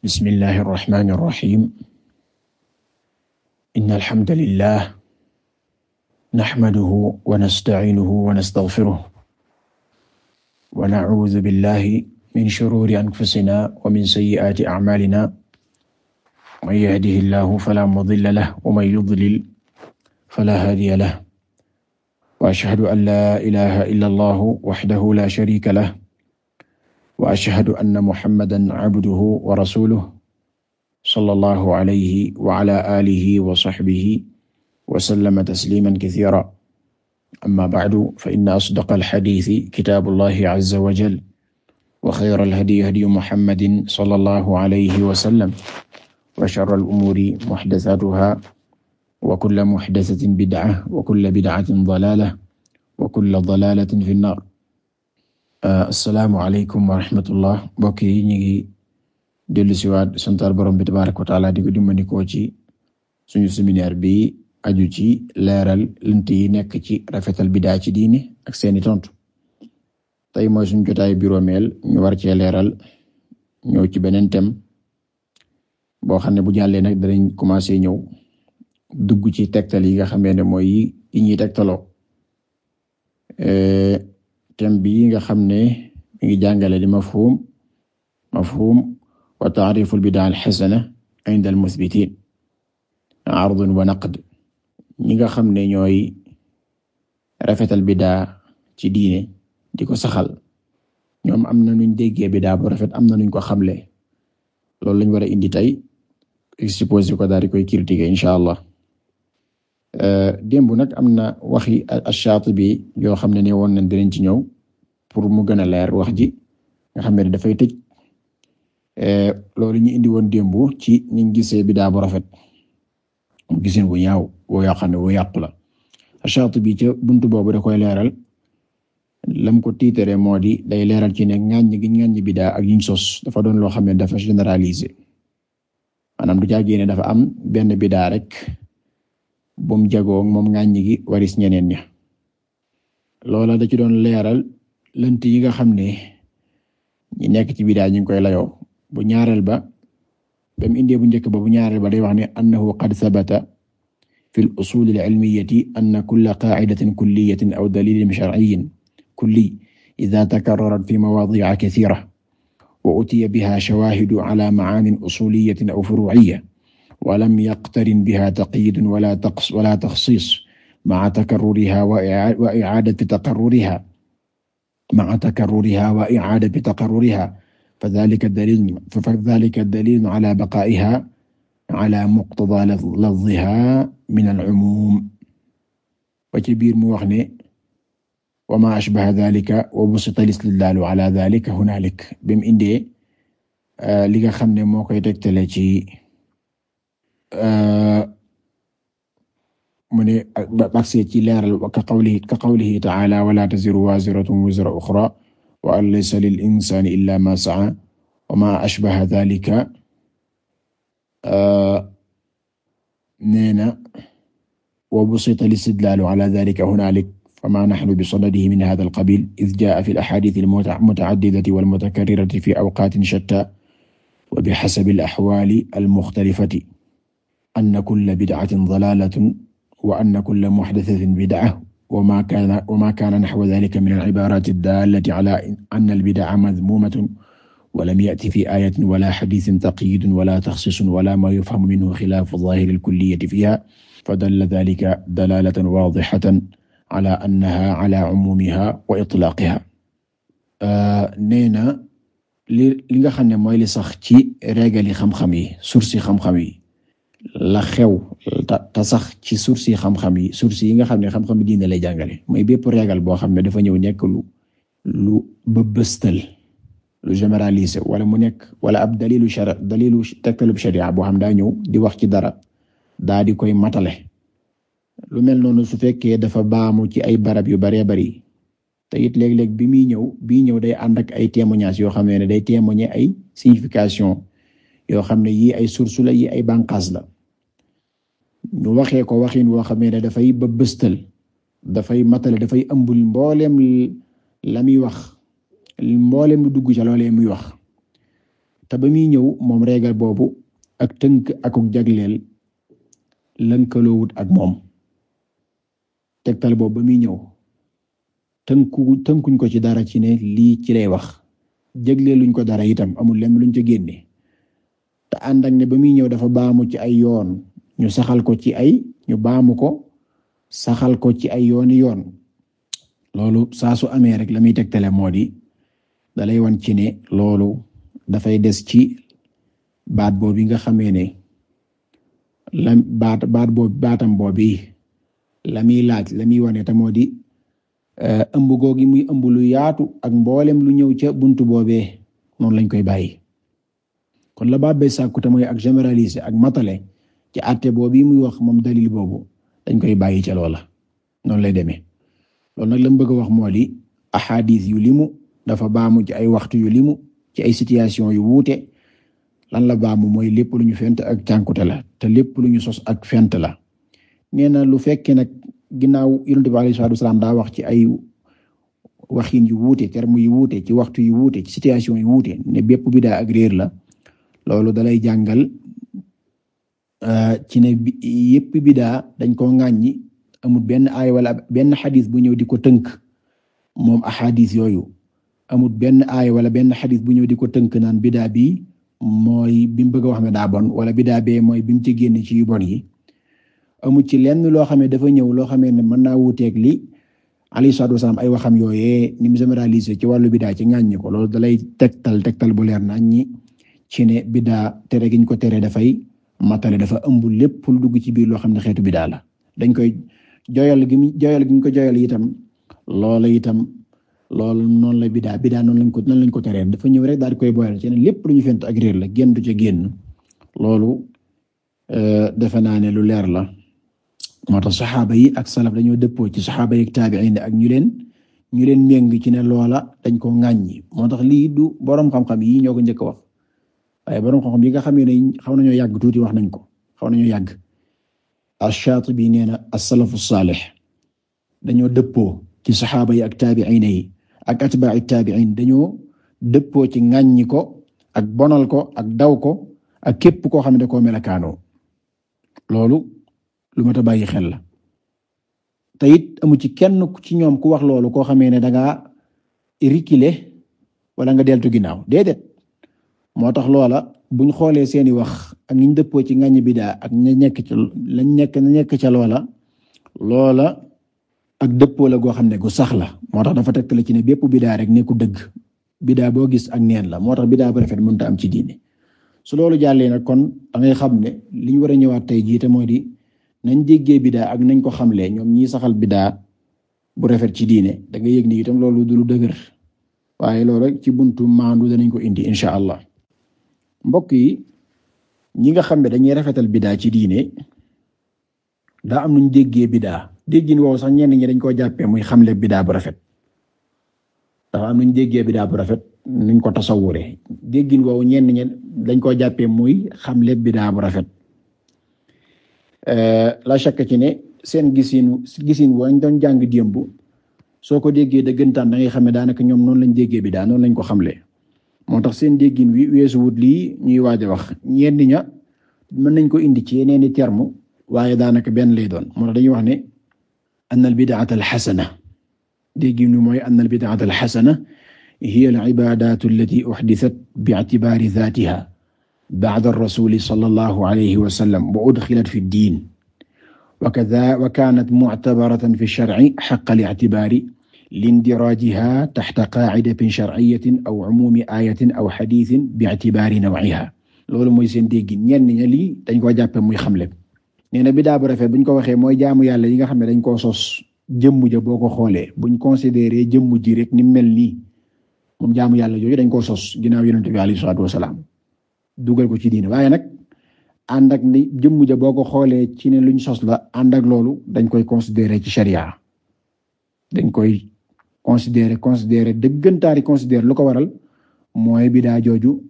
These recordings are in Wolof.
bismillahi irrahmani irrahim in alhamdulillah naxmaduhu wa nastaciinuhu wa nastaxfiruh wa nacuudu billahi min shuruuri anfusina wa min sayyi'aati acmaalina man yahdihi llahu falaa mudilla lahu wa man yudlil falaa haadiya lahu wa ashhadu an laa ilaaha illa allahu waxdahu laa shariika lahu wa ashhadu anna muhammadan abduhu wa rasuluhu sallallahu alayhi wa ala alihi wa sahbihi wa sallama tasliman kathira amma ba'du fa inna asdaqal hadiisi kitaabullahi azza wa jal wa xayral hadyi hadyu muhammadin sallallahu alayhi wa sallam wa sharral umuuri muhdathatuhaa wa kullu muhdathatin bid'a wa kullu bid'atin dalaala wa kullu dalaalatin fin naar Euh, assalaamu aleykum wa rahmatullah mbokk yi ñu ngi dellusiwaat santal borom bi tabaaraka wa taala di ko ci suñu séminaire bi aju ci leeral lënt yi nekk ci rafetal bidaa ci diini ak seeni tontu tey mooy suñu jotaay biroomeel ñu war cee leeral ñëw ci beneen thème boo xam ne bu jàllee nag danañ commencé ñëw dugg ci tegtal yi nga xam ne mooy yi ñuy tegtaloo euh, thème bii nga xam ne mi ngi jàngale li mafhum mafhum wa ta'rif al-bid'a al-hasana 'inda al-muthbitin wa naqd ñi nga xam ne ñooy rafetal bid'a ci diine di ko saxal ñoom am na nuñ déggee bid'a bu rafet am na nuñ ko xamle loolu lañ war a indi tey exposé ko daal di koy critiquer insha Allah Euh, démb nag am na waxi Ash-Shaatibi yoo xam ne ne woon nañ dinañ ci ñëw pour mu gën a leer wax ji nga xam ne dafay tëj euh, loolu ñu indi woon démb ci niñ gisee bidaa bu rafet gisin bu ñaaw woo yoo xam ne woo yàqu la Ash-Shaatibi ca buntu boobu da koy leeral lam ko tiitere moo di day leeral ci ne ŋàññ gi ŋàññ bidaa ak yiñ sos dafa doon loo xam ne dafa généraliser maanaam du caa ne dafa am benn bidaa rek bu mu jagoo moom ŋàññi gi waris ñeneen ña loola da ci doon leeral lënt yi nga xam ne ñi nekk ci bidaa ñu ngi koy layoo bu ñaareel ba ba mu indee bu njëkk ba bu ñaareel ba day wax ne annahu qad sabata fi al-usul al-ilmiyyati anna kulla qaa'idatin kulliyatin aw dalilin shar'iyyin kulli idha takarrarat fi mawaadi'a kathira wa utiya biha shawaahidu ala ma'aanin usuliyyatin aw furu'iyyatin walam yaqtarin biha taqyid wala taqs wala taxsiis ma'a takarruriha wa i'aadati taqarruriha ma'a takarruriha wa i'aadati taqarruriha fadhalika dalilun fadhalika dalilun ala baqaa'iha ala muqtada lafziha min al-'umuum ba ci biir mu wax ne wa maa ashbaha dhaalika wa busita al-istidlaalu ala dhaalika hunaalik bi mu indee li nga xam ne moo koy tegtale ci mu ne ba ci leeral ka qawlihi ka qawlihi ta'ala wa laa taziru waaziratun wizra uxraa wa an laysa lil insaani illaa maa sa'aa wa maa ashbaha dhaalika nee na wa busita al-istidlaalu alaa dhaalika hunaalik famaa naxnu bisadadihi min haadha al-qabiil idh jaa'a fi al-ahaadiith al-muta'addidati wal-mutakarrirati fii awqaatin shattaa wa bihasabi al-ahwaali al-mukhtalifati anna kulla bid'atin dalaalatun wa anna kulla muhdathatin bid'a wa maa kaana wa maa kaana naxwa daalika min al-ibaaraati ad-daallati alaa anna al-bid'a madmuumatun wa lam ya'ti fii aayatin wala hadiisin taqyiidun wala taxsiisun wala maa yufhamu minhu xilaafu zaahiri al-kulliyyati fiihaa fadalla daalika dalaalatan waadihatan alaa annahaa alaa umuumihaa wa itlaaqihaa. nee na li li nga xam ne mooy li sax ci régali xam-xam yi source yi xam-xam yi. la xew ta sax ci source yi xam-xam yi source yi nga xam ne xam-xam yi diine lay jàngale mooy bépp régal bo xam ne dafa ñëw nekk lu lu bëbëstal lu généralisé wala mu nekk wala ab dalilu shara dalilu tegtalub sharia boo xam daa ñëw di wax ci dara daa di koy matale lu mel noonu su fekkee dafa baamu ci ay barab yu baree bari te it léeg-léeg bi muy ñëw bii ñëw day ànd ak ay témoignages yoo xam ne day témoigner ay signification yoo xam ne yii ay source la yii ay banqaas la ñu waxee ko waxin woo xam ne dafay ba bëstal dafay matale dafay ëmbul mbooleem la muy wax mbooleem lu dugg ca loolee muy wax te ba muy ñëw moom régal boobu ak tënk akuk jagleel lënkaloowut ak moom tegtal boobu ba muy ñëw tënku tënkuñ ko ci dara ci ne lii ci lay wax jagleeluñ ko dara itam amul lenn luñ ca génne te ànd ak ne ba muy ñëw dafa baamu ci ay yoon ñu saxal ko ci ay ñu baamu ko saxal ko ci ay yooni yoon loolu saa su amee rek la muy tegtale moo di dalay wan ci ne loolu dafay des ci baat boobu nga xamee ne la baat baat boobu baatam la muy laaj la muy wane te moo di eh, ëmb googi muy ëmb lu yaatu ak mboolem lu ñëw ca buntu boobee noonu lañ koy bàyyi. kon la baa bay sàkku ak généraliser ak matale ci àtte boobu yi muy wax moom dalil boobu dañ koy bàyyi ca loola noonu lay demee loolu nag la mu bëgg a wax moo di ahadis yu limu dafa baamu ci ay waxtu yu limu ci ay situation yu wuute lan la baamu mooy lépp lu ñu fent ak cànkute la te lépp lu ñu sos ak fent la nee na lu fekkee nag ginnaaw Yonent bi sallallahu alayhi daa wax ci ay waxin yu wuute terme yu wuute ci waxtu yu wuute ci situation yu wuute ne bépp bidaa ak réer la loolu dalay jàngal euh, ci ne yépp bidaa dañ koo ŋàññi amul benn aaya wala benn xadis bu ñëw di ko tënk moom axadis yooyu amut benn aaya wala benn xadis bu ñëw di ko tënk naan bidaa bi mooy bi mu bëgg wax ne daa bon wala bidaa be mooy bi mu ci génn ci bon yi amul ci lenn loo xam ne dafa ñëw loo xamee ne mën naa wuuteeg li alayhi salaatu wasalaam ay waxam yooyee ni mu généraliser ci wàllu bidaa ci ŋàññi ko loolu dalay tegtal tegtal bu leer nañ ñi ci ne biddaa tere giñ ko tere dafay matale dafa ëmb lépp lu dugg ci biir loo xam ne xeetu biddaa la dañ koy joyal gi joyal giñ ko joyal itam loola itam loolu noonu la biddaa biddaa noonu lañ ko noonu lañ ko teree dafa ñëw rek daal di koy lépp lu ñu fent ak réer la génn du ca génn loolu euh, defe naa ne lu leer la moo tax saxaaba yi ak salaf dañoo dëppoo ci saxaaba yi ak taabi'iin ak ñu leen ñu leen méng ci ne loola dañ ko ŋàññi moo tax lii du boroom xam-xam yi ñoo ko njëkk wax waaye borom xam-xam nga xam ne xaw nañoo yàgg tuuti wax nañ ko xaw nañoo yàgg Ash-Shaatibi nee na as-salafu saalih dañoo dëppoo ci saxaaba yi ak taabi'iin yi ak atbaa'i taabi'iin dañoo dëppoo ci ŋàññi ko ak bonal ko ak daw ko ak képp koo xam ne koo melakaanoo loolu lu mat a bàyyi xel la te it amu ci kenn ci ñoom ku wax loolu koo xamee ne danga rikile wala nga deltu ginnaaw déedéet moo tax loola buñ xoolee seeni wax ak ñi dëppoo ci ngañ bidaa ak ña ca lañ nekk na nekk ca loola loola ak dëppoo la goo xam ne gu sax la moo tax dafa tekkale ci ne bépp bidaa rek nekku dëgg bidaa boo gis ak neen la moo tax bidaa bu rafet mënta am ci diine su loolu jàllee nag kon da xam ne li ñu war a ñëwaat tey jii mooy di nañ déggee bidaa ak nañ ko xamlee ñoom ñi saxal bidaa bu rafet ci diine da nga yëg ni itam loolu du lu dëgër waaye loolu rek ci buntu maandu danañ ko indi incha allah. mbokk yi ñi nga xam ne dañuy rafetal bidaa ci diine daa am nuñ déggee bidaa déggin woowu sax ñenn ñi dañ koo jàppee muy xamle bidaa bu rafet dafa am nuñ déggee bidaa bu rafet nuñ ko tasawuree déggin woowu ñenn ñi dañ koo jàppee muy xamle bidaa bu rafet euh, la chaque ci ne seen gisin gisin woo ñu jàng démb soo ko déggee dëggantaan da ngay xam ne daanaka ñoom noonu lañ déggee bidaa noon lañ ko xamle moo tax seen déggin wi weesuwut lii ñuy waaj a wax ñenn ña mën nañ ko indi ci yeneen i terme waaye daanaka benn lay doon moo tax dañuy wax ne anna al bid'ata al xasana déggin wi mooy anna al bid'ata al xasana hiya al ibaadatu allati uxdisat bi'tibaari zaatiha ba'da ar-rasuli sallallahu alayhi wa sallam wa udxilat fi ad-diin wa kaanat mu'tabaratan fi ash-shar'i haqqa al-i'tibaari lindiraajihaa taxta qaacidatin sharciyyatin aw cumuumi aayatin aw xadiisin bi'tibaari nawcihaa loolu mooy seen dégg ñenn ña lii dañ koo jàppe muy xamle nee na bidaa bu rafet buñ ko waxee mooy jaamu yàlla yi nga xam ne dañ koo sos jëmm ja boo ko xoolee buñ considéré jëmm ji rek ni mel nii moom jaamu yàlla jooju dañ koo sos ginnaaw yonent bi alayhi salaatu wasalaam dugal ko ci diine waaye nag ànd ak ni jëmm boo ko xoolee ci ne luñ sos la ànd ak loolu dañ koy considéré ci sharia dañ koy considéré considéré dëggantaari considéré lu ko waral mooy biddaa jooju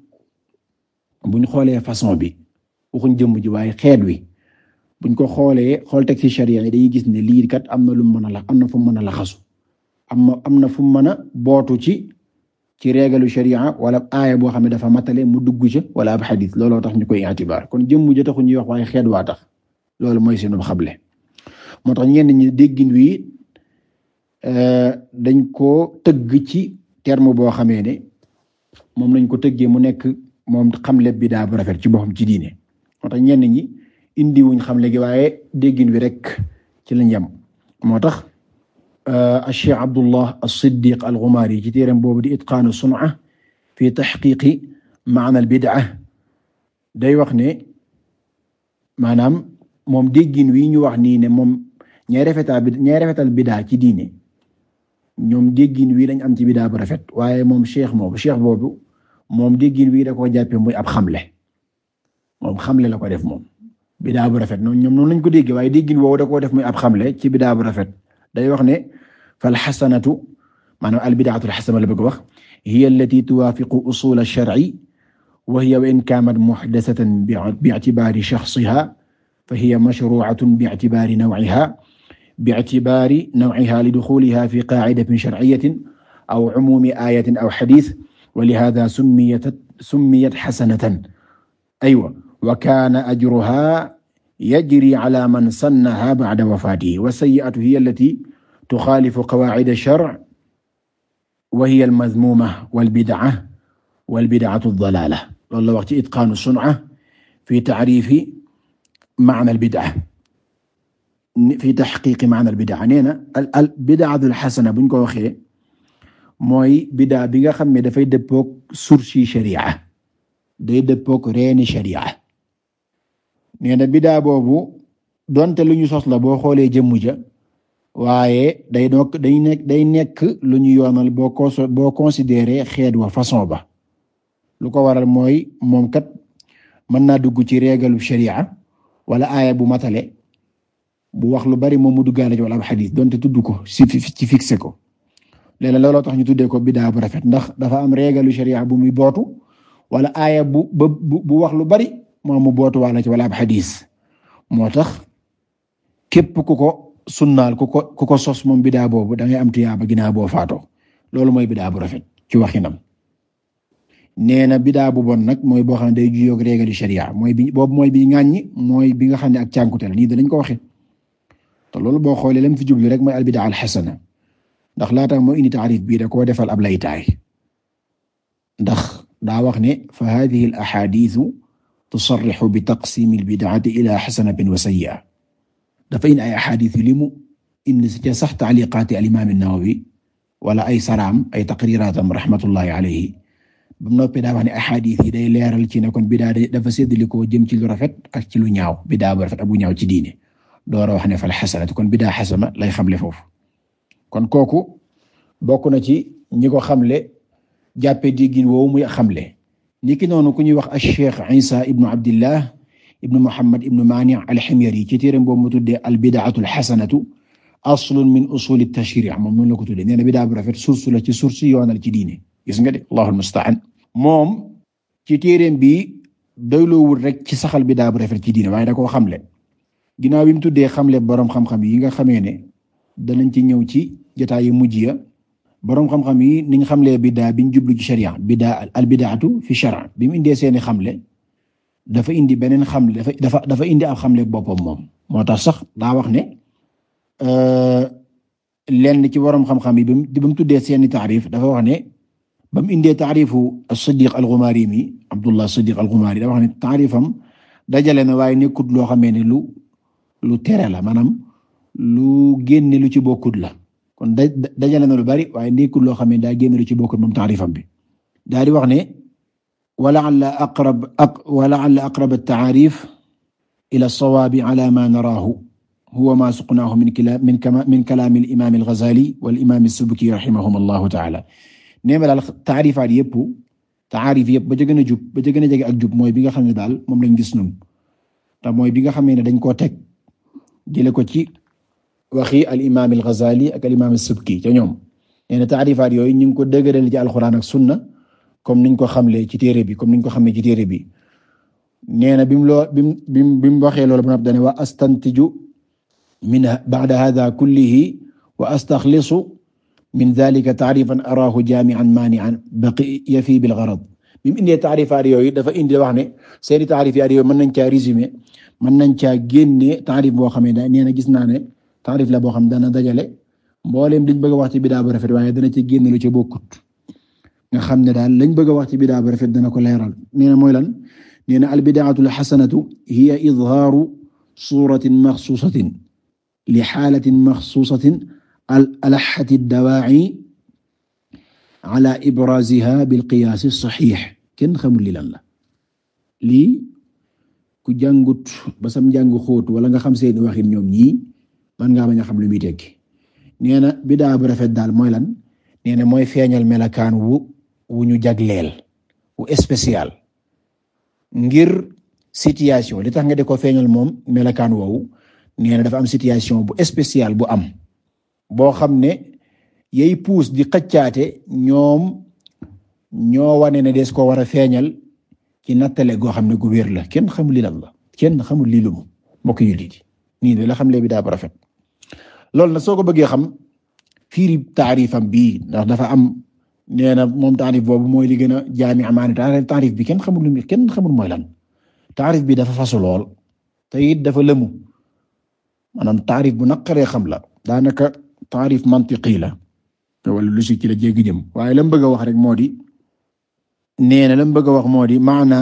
buñ xoolee façon bi waxuñ jëmm ji waaye xeet wi buñ ko xoolee xool teg ci charia yi dañuy gis ne lii kat am na lu mën a lax am na fu mën a laxasu am na am na fu mën a bootu ci ci régalu sharia wala aaya boo xam ne dafa matale mu dugg ca wala ab xadis looloo tax ñu koy itibaar kon jëmm ja taxu ñuy wax waaye xeet waa tax loolu mooy sunu xable moo tax ñenn ñi déggin wi Euh, dañ ko tëgg ci terme boo xamee ne moom lañ ko tëggee mu nekk moom xam xamle bidaa bu rafet ci boppam ci diine moo tax ñenn ñi indi wuñ xamle gi waaye déggin wi rek ci lañ yem moo tax euh, Cheikh Abdullah as-Siddiq al-Ghumari ci téeram boobu di itqaanu sun'a fi tahqiqi ma'na al-bid'a day wax ne maanaam moom déggin wi ñu wax nii ne moom ñay rafetal ñay rafetal bidaa ci diine ñoom déggin wii dañ am ci bidaa bu rafet waaye moom cheikh moobu cheikh boobu moom déggin wii da koo jàppe muy ab xamle moom xamle la ko def moom bidaa bu rafet noonu ñoom noonu lañ ko déggee waaye déggin woowu da koo def muy ab xamle ci bidaa bu rafet day wax ne fa fal xasanatu maanaam al bidaatu al xasana la bëgg wax hiya allati tuwaafiqu usul al shar'i wa hiya wa in kaanat muxdasatan bi'tibaari shaxsihaa fa hiya mashruu'atun bi'tibaari naw'ihaa bi'tibaari naw'ihaa liduxuulihaa fii qaa'idatin shar'iyyatin aw umuumi aayatin aw xadiis wa lihaadaa summiyat summiyat xasanatan aywa wa kaana ajruhaa yajrii calaa man sannahaa ba'da wafaatihi wa sayyi'atu hiya allatii tuxaalifu qawaa'ida ash-shar'i wa hiya al-madmuuma wal bid'a wal bid'atu ad-dalaala loolu la wax ci itqaanu sun'a fii ta'riifi ma'naa al-bid'a fi taxqiiqi maana al bidaa nee na al bidaatul xasana buñ ko waxee mooy bidaa bi nga xam ne dafay dëppook sursi sharia day dëppook reeni sharia nee na bidaa boobu donte lu ñu sos la boo xoolee jëmm ja waaye day doog day nekk day nekk lu ñu yoonal boo ko xeet wa façon ba lu ko waral mooy moom kat mën naa dugg ci régalu sharia wala aaya bu matale bu wax lu bari moom mu duggaale ci wala ab xadis donte tudd ko si ci fixé ko léeg-léeg looloo tax ñu tuddee ko bidaa bu rafet ndax dafa am régalu sharia bu muy bootu wala aaya bu bu wax lu bari moom mu bootu wala ci wala ab xadis moo tax képp ku ko sunnaal ku ko ku ko sos moom bidaa boobu da ngay am tuyaaba ginnaaw boo faatoo loolu mooy bidaa bu rafet ci waxinam nee na bidaa bu bon nag mooy boo xam ne day juyoog régalu sharia mooy bi boobu mooy bi ŋàññi mooy bi nga xam ne ak cànkuteel nii danañ ko waxe te loolu boo xoolee lam fi jublu rek mooy albidaa alxasana ndax laata moo indi taarif bii da ko defal ab lay taay ndax daa wax ne fa haadihi al axaadiisu tusarrixu bi taqsiimi al bidaati ilaa xasanatin wa sayyi'a dafa indi ay axaadiis limu indi si ca sax taaliqaati al imaam an wala ay saraam ay taqriiraatam raxmatullahi alayhi ba noppi daa wax ne axaadiis yi day leeral ci ne kon bidaa dafa séddalikoo jëm ci lu rafet ak ci lu ñaaw bidaa bu rafet ak bu ñaaw ci diine door a wax ne fal xasanatu kon bidaa xasana lay xamle foofu kon kooku bokk na ci ñi ko xamle jàppee déggin woowu muy xamle ni noonu ku ñuy wax acheikh Isa ibnu abdillah ibnu Muhammad ibnu Mani al-Himyari ci téeram boobu mu tuddee al-bid'atu al-hasanatu aslun min usul at-tashri' moom noonu la ko tuddee nee na bidaa bu rafet source la ci source yoonal ci diine gis nga de Allahul musta'an moom ci téeram bi doyloowul rek ci saxal bidaa bu rafet ci diine waaye da koo xamle ginnaaw bi mu tuddee xamle borom xam-xam yi nga xamee ne danañ ci ñëw ci jotaayu mujj ya boroom xam-xam yi niñ xamlee biddaa biñ jublu ci sharia biddaa al bidaatu fi sharia bi mu indee seeni xamle dafa indi beneen xamle dafa dafa indi ab xamle boppam moom moo tax sax daa wax ne euh, lenn ci borom xam-xam yi ba mu tuddee seeni taarif dafa wax ne ba mu indee tarifu as-Siddiq al-Ghumari mi Abdullah as-Siddiq al-Ghumari dafa wax ne taarifam dajale na waaye nekkut loo xamee ne lu. lu tere la maanaam lu génne lu ci bokkut la kon da dajale na lu bari waaye nekkul loo xam ne daa génne lu ci bokkut moom taarifam bi daa di wax ne walaalla aqrab walaalla aqrab at-ta'arif ila as-sawabi ala ma naraahu huwa ma suqnaahu min kalaam min kalaam al-imam al-Ghazali wal imam as-Subki rahimahum Allahu ta'ala neema daal taarifaat yëpp yëpp ba ca gën a jub ba ca gën a jege ak jub mooy bi nga xam ne daal moom lañ gis ñun te mooy bi nga ne dañ koo teg jële ko ci waxi al imaam al Ghazali ak al imaam as-Subki ca ñoom nee na taarifaat yooyu ñu ngi ko dëgëral ci alxuraan ak sunna comme niñ ko xamlee ci téere bi comme niñ ko xamee ci téere bi nee na bim loo bim bim bim waxee loolu ba dane wa astantiju min ba'da hadha kullihi wa astaxlisu min dhalika ta'rifan araahu jaami'an maani'an baqiya fi bil gharad bi mu indee taarifaat yooyu dafa indi wax ne seeni taarifaat yooyu mën nañ caa résumé mën nañ caa génne taarif boo xam ne da nee na gis naa ne taarif la boo xam dana dajale mbooleem liñ bëgg a wax ci bidaa bu rafet waaye dana ci génne lu ci bokkut nga xam ne daal lañ bëgg a wax ci bidaa bu rafet dana ko leeral nee na mooy lan nee na al bidaatu al xasanatu hiya idhaaru suratin maxsuusatin li xaalatin maxsuusatin al alaxati dawaa'i ala ibraziha bil qiyaas saxiix kenn xamul li lan la lii ku jàngut ba sam jàng xóot wala nga xam seen waxin ñoom ñii man nga bañ a xam lu muy tekki na bidaa bu rafet daal mooy lan nee na mooy feeñal melakaan wu wu ñu jagleel wu spécial ngir situation li tax nga ko feeñal moom melakaan woowu nee dafa am situation bu spécial bu am boo xam ne yey puus di xëccaate ñoom ñoo wane ne des ko war a feeñal ci nattale goo xam ne gu wér la kenn xamul li lan la kenn xamul lii lu mu mbokk yu lii nii de la xam lee daa rafet loolu nag soo ko bëggee xam fiiri taarifam bii ndax dafa am nee na moom taarif boobu mooy li gën a jaami amaani taarif bi kenn xamul lu mu kenn xamul mooy lan taarif bi dafa fasu lool te it dafa lëmu maanaam taarif bu naqaree xam la daanaka taarif mantiqi la wala logique ci la jéggi jëm waaye la bëgg a wax rek moo di nee na la mu bëgg a wax moo di maana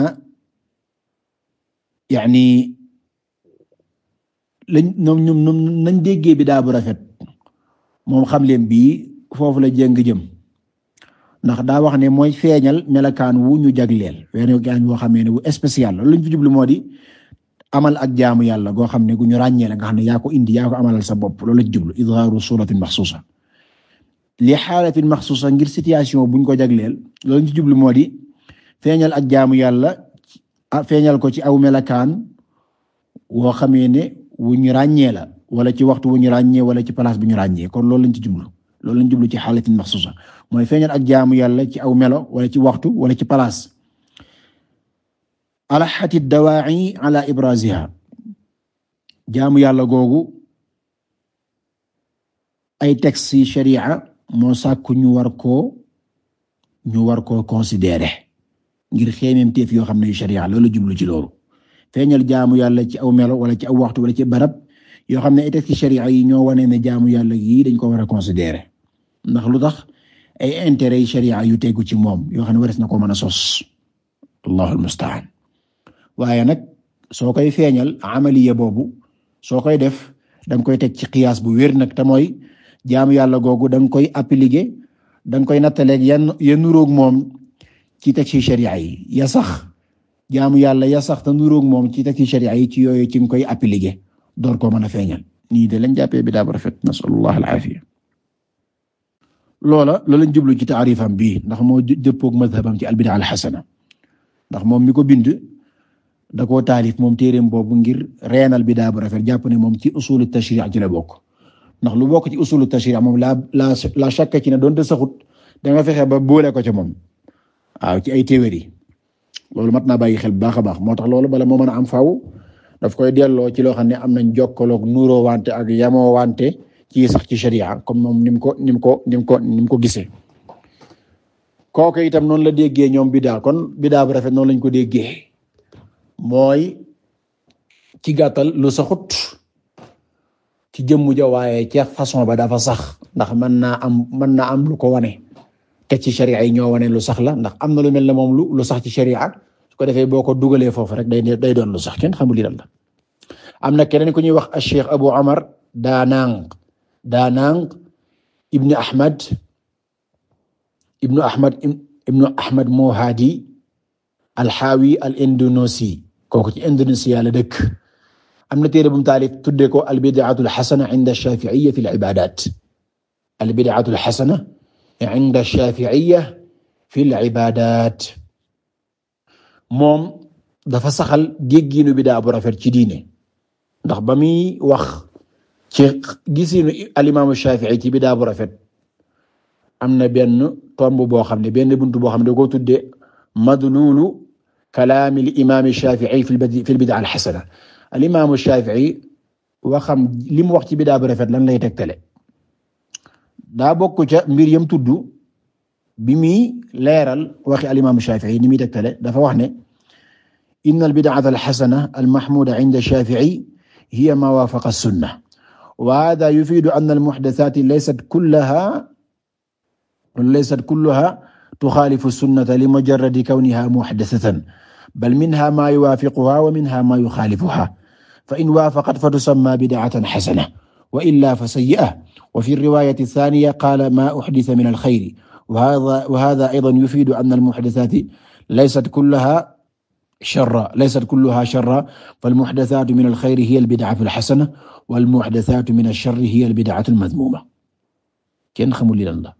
yaani lañ ñoom ñoom nañ déggee bi daa bu rafet moom xam leen bii foofu la jéng jëm ndax daa wax ne mooy feeñal melakaan wu ñu jagleel ween gaa boo xam ne wu spécial loolu lañ fi jublu moo di amal ak jaamu yàlla goo xam ne gu ñu ràññee la nga xam ne yaa ko indi yaa ko amalal sa bopp loolu la jublu idhaaru suratin maxsuusa li xaalatin maxsuusa ngir situation buñ ko jagleel loolu ci jublu moo di feeñal ak jaamu yàlla feeñal ko ci aw melakaan woo xamee ne wu ñu ràññee la wala ci waxtu wu ñu ràññee wala ci palace bu ñu ràññee kon loolu lañ ci jublu loolu lañ jublu ci xaalatin maxsuusa mooy feeñal ak jaamu yàlla ci aw melo wala ci waxtu wala ci palace alaxati dawaa'i ala ibrasiha jaamu yàlla googu ay textes sharia moo sàkku ñu war koo ñu war koo considérer ngir teef yoo xam ne yu sharia loolu jublu ci loolu feeñal jaamu yàlla ci aw melo wala ci aw waxtu wala ci barab yoo xam ne ay texte sharia yi ñoo wane ne jaamu yàlla yii dañ ko war a considérer ndax lu tax ay intérêt yi sharia yu tegu ci moom yoo xam ne wares na ko mën a soos allahu almustaan waaye nag soo koy feeñal amaliya boobu soo koy def danga koy teg ci qiyaas bu wér nag te mooy jaamu yàlla googu da koy appliquer da nga koy nattaleeg yan yan nuróog moom ci teg ci sharia yi ya sax jaamu yàlla ya sax te nuróog moom ci teg ci sharia yi ci yooyu ci nga koy appliquer door koo mën a feeñal. nii de lañ jàppee bi daa bu rafet nasalullah alaafiya loola lool lañ jublu ci taarifam bii ndax moo dëppoog madhabam ci albidaa alxasana ndax moom mi ko bind da koo taalif moom téereem boobu ngir reenal bidaa bu rafet jàpp ne moom ci usul tashri' ci bokk. ndax lu bokk ci ta tashri' moom la la la shakka ci doon doonte saxut da nga fexe ba boole ko ca moom waaw ci ay téeméeri loolu mat naa bàyyi xel bu baax a baax moo tax loolu bala moo mën a am faaw daf koy delloo ci loo xam ne am nañ jokkaloog nuuroo wante ak yamoo wante ci sax ci sharia comme moom ni mu ko ni ko ni mu ni mu ko gisee. kooku itam noonu la déggee ñoom bidaa kon bidaa bu rafet noonu lañ ko déggee mooy ci gàttal lu saxut. ci jëmm ja waaye ca façon ba dafa sax ndax mën naa am mën na am lu ko wane te ci sharia yi ñoo wane lu sax la ndax am na lu mel ne moom lu lu sax ci sharia su ko defee boo ko dugalee foofu rek day day doon lu sax kenn xamul li la am na keneen ku ñuy wax Cheikh Abu Amar Daanang Daanang ibnu Ahmad ibnu Ahmad ibnu Ahmad al-Hawi al-Indonésie kooku ci Indonésie la dëkk. am na téere bu mu taalif tuddee ko albidaatu alxasana inda alshaafiiya fi alibadat albidaatu alxasana inda alshaafiiya fi alibadat moom dafa saxal géggiinu bidaa bu rafet ci diine ndax ba muy wax ci gisiinu alimaamu shafii ci bidaa bu rafet am na benn tomb boo xam ne benn buntu boo xam ne da koo tuddee madluulu kalaami limaami shafii fi lbidaa alxasana al imaamu Shaafi'i waxam li mu wax ci bidaa bu rafet lan lay tegtale daa bokk ca mbir yam tudd bi muy leeral waxi al imaamu Shaafi'i ni muy tegtale dafa wax ne inna al bid'ata al xasana al mahmuda inda Shaafi'i hiya ma waafaqa sunna wa hada yufiidu anna al muhdathaati laysat kullaha laysat kullaha tuxaalifu sunnata li mujarradi kawniha muhdathatan bal minha ma yuwaafiquha wa minha ma yuxaalifuha fa in waafaqat fa tusammaa bid'atan xasana wa illaa fa sayyi'a wa fi riwaayati saaniya qaala maa uxdisa min alxayri wa haadaa wa haadaa aydan yufiidu anna almuxdasaati laysat kullahaa sharran laysat kulluhaa sharran falmuxdasaatu min alxayri hiya albid'atu alxasana walmuxdasaatu min alsharri hiya albid'atu almadmuuma kenn xamul li lan la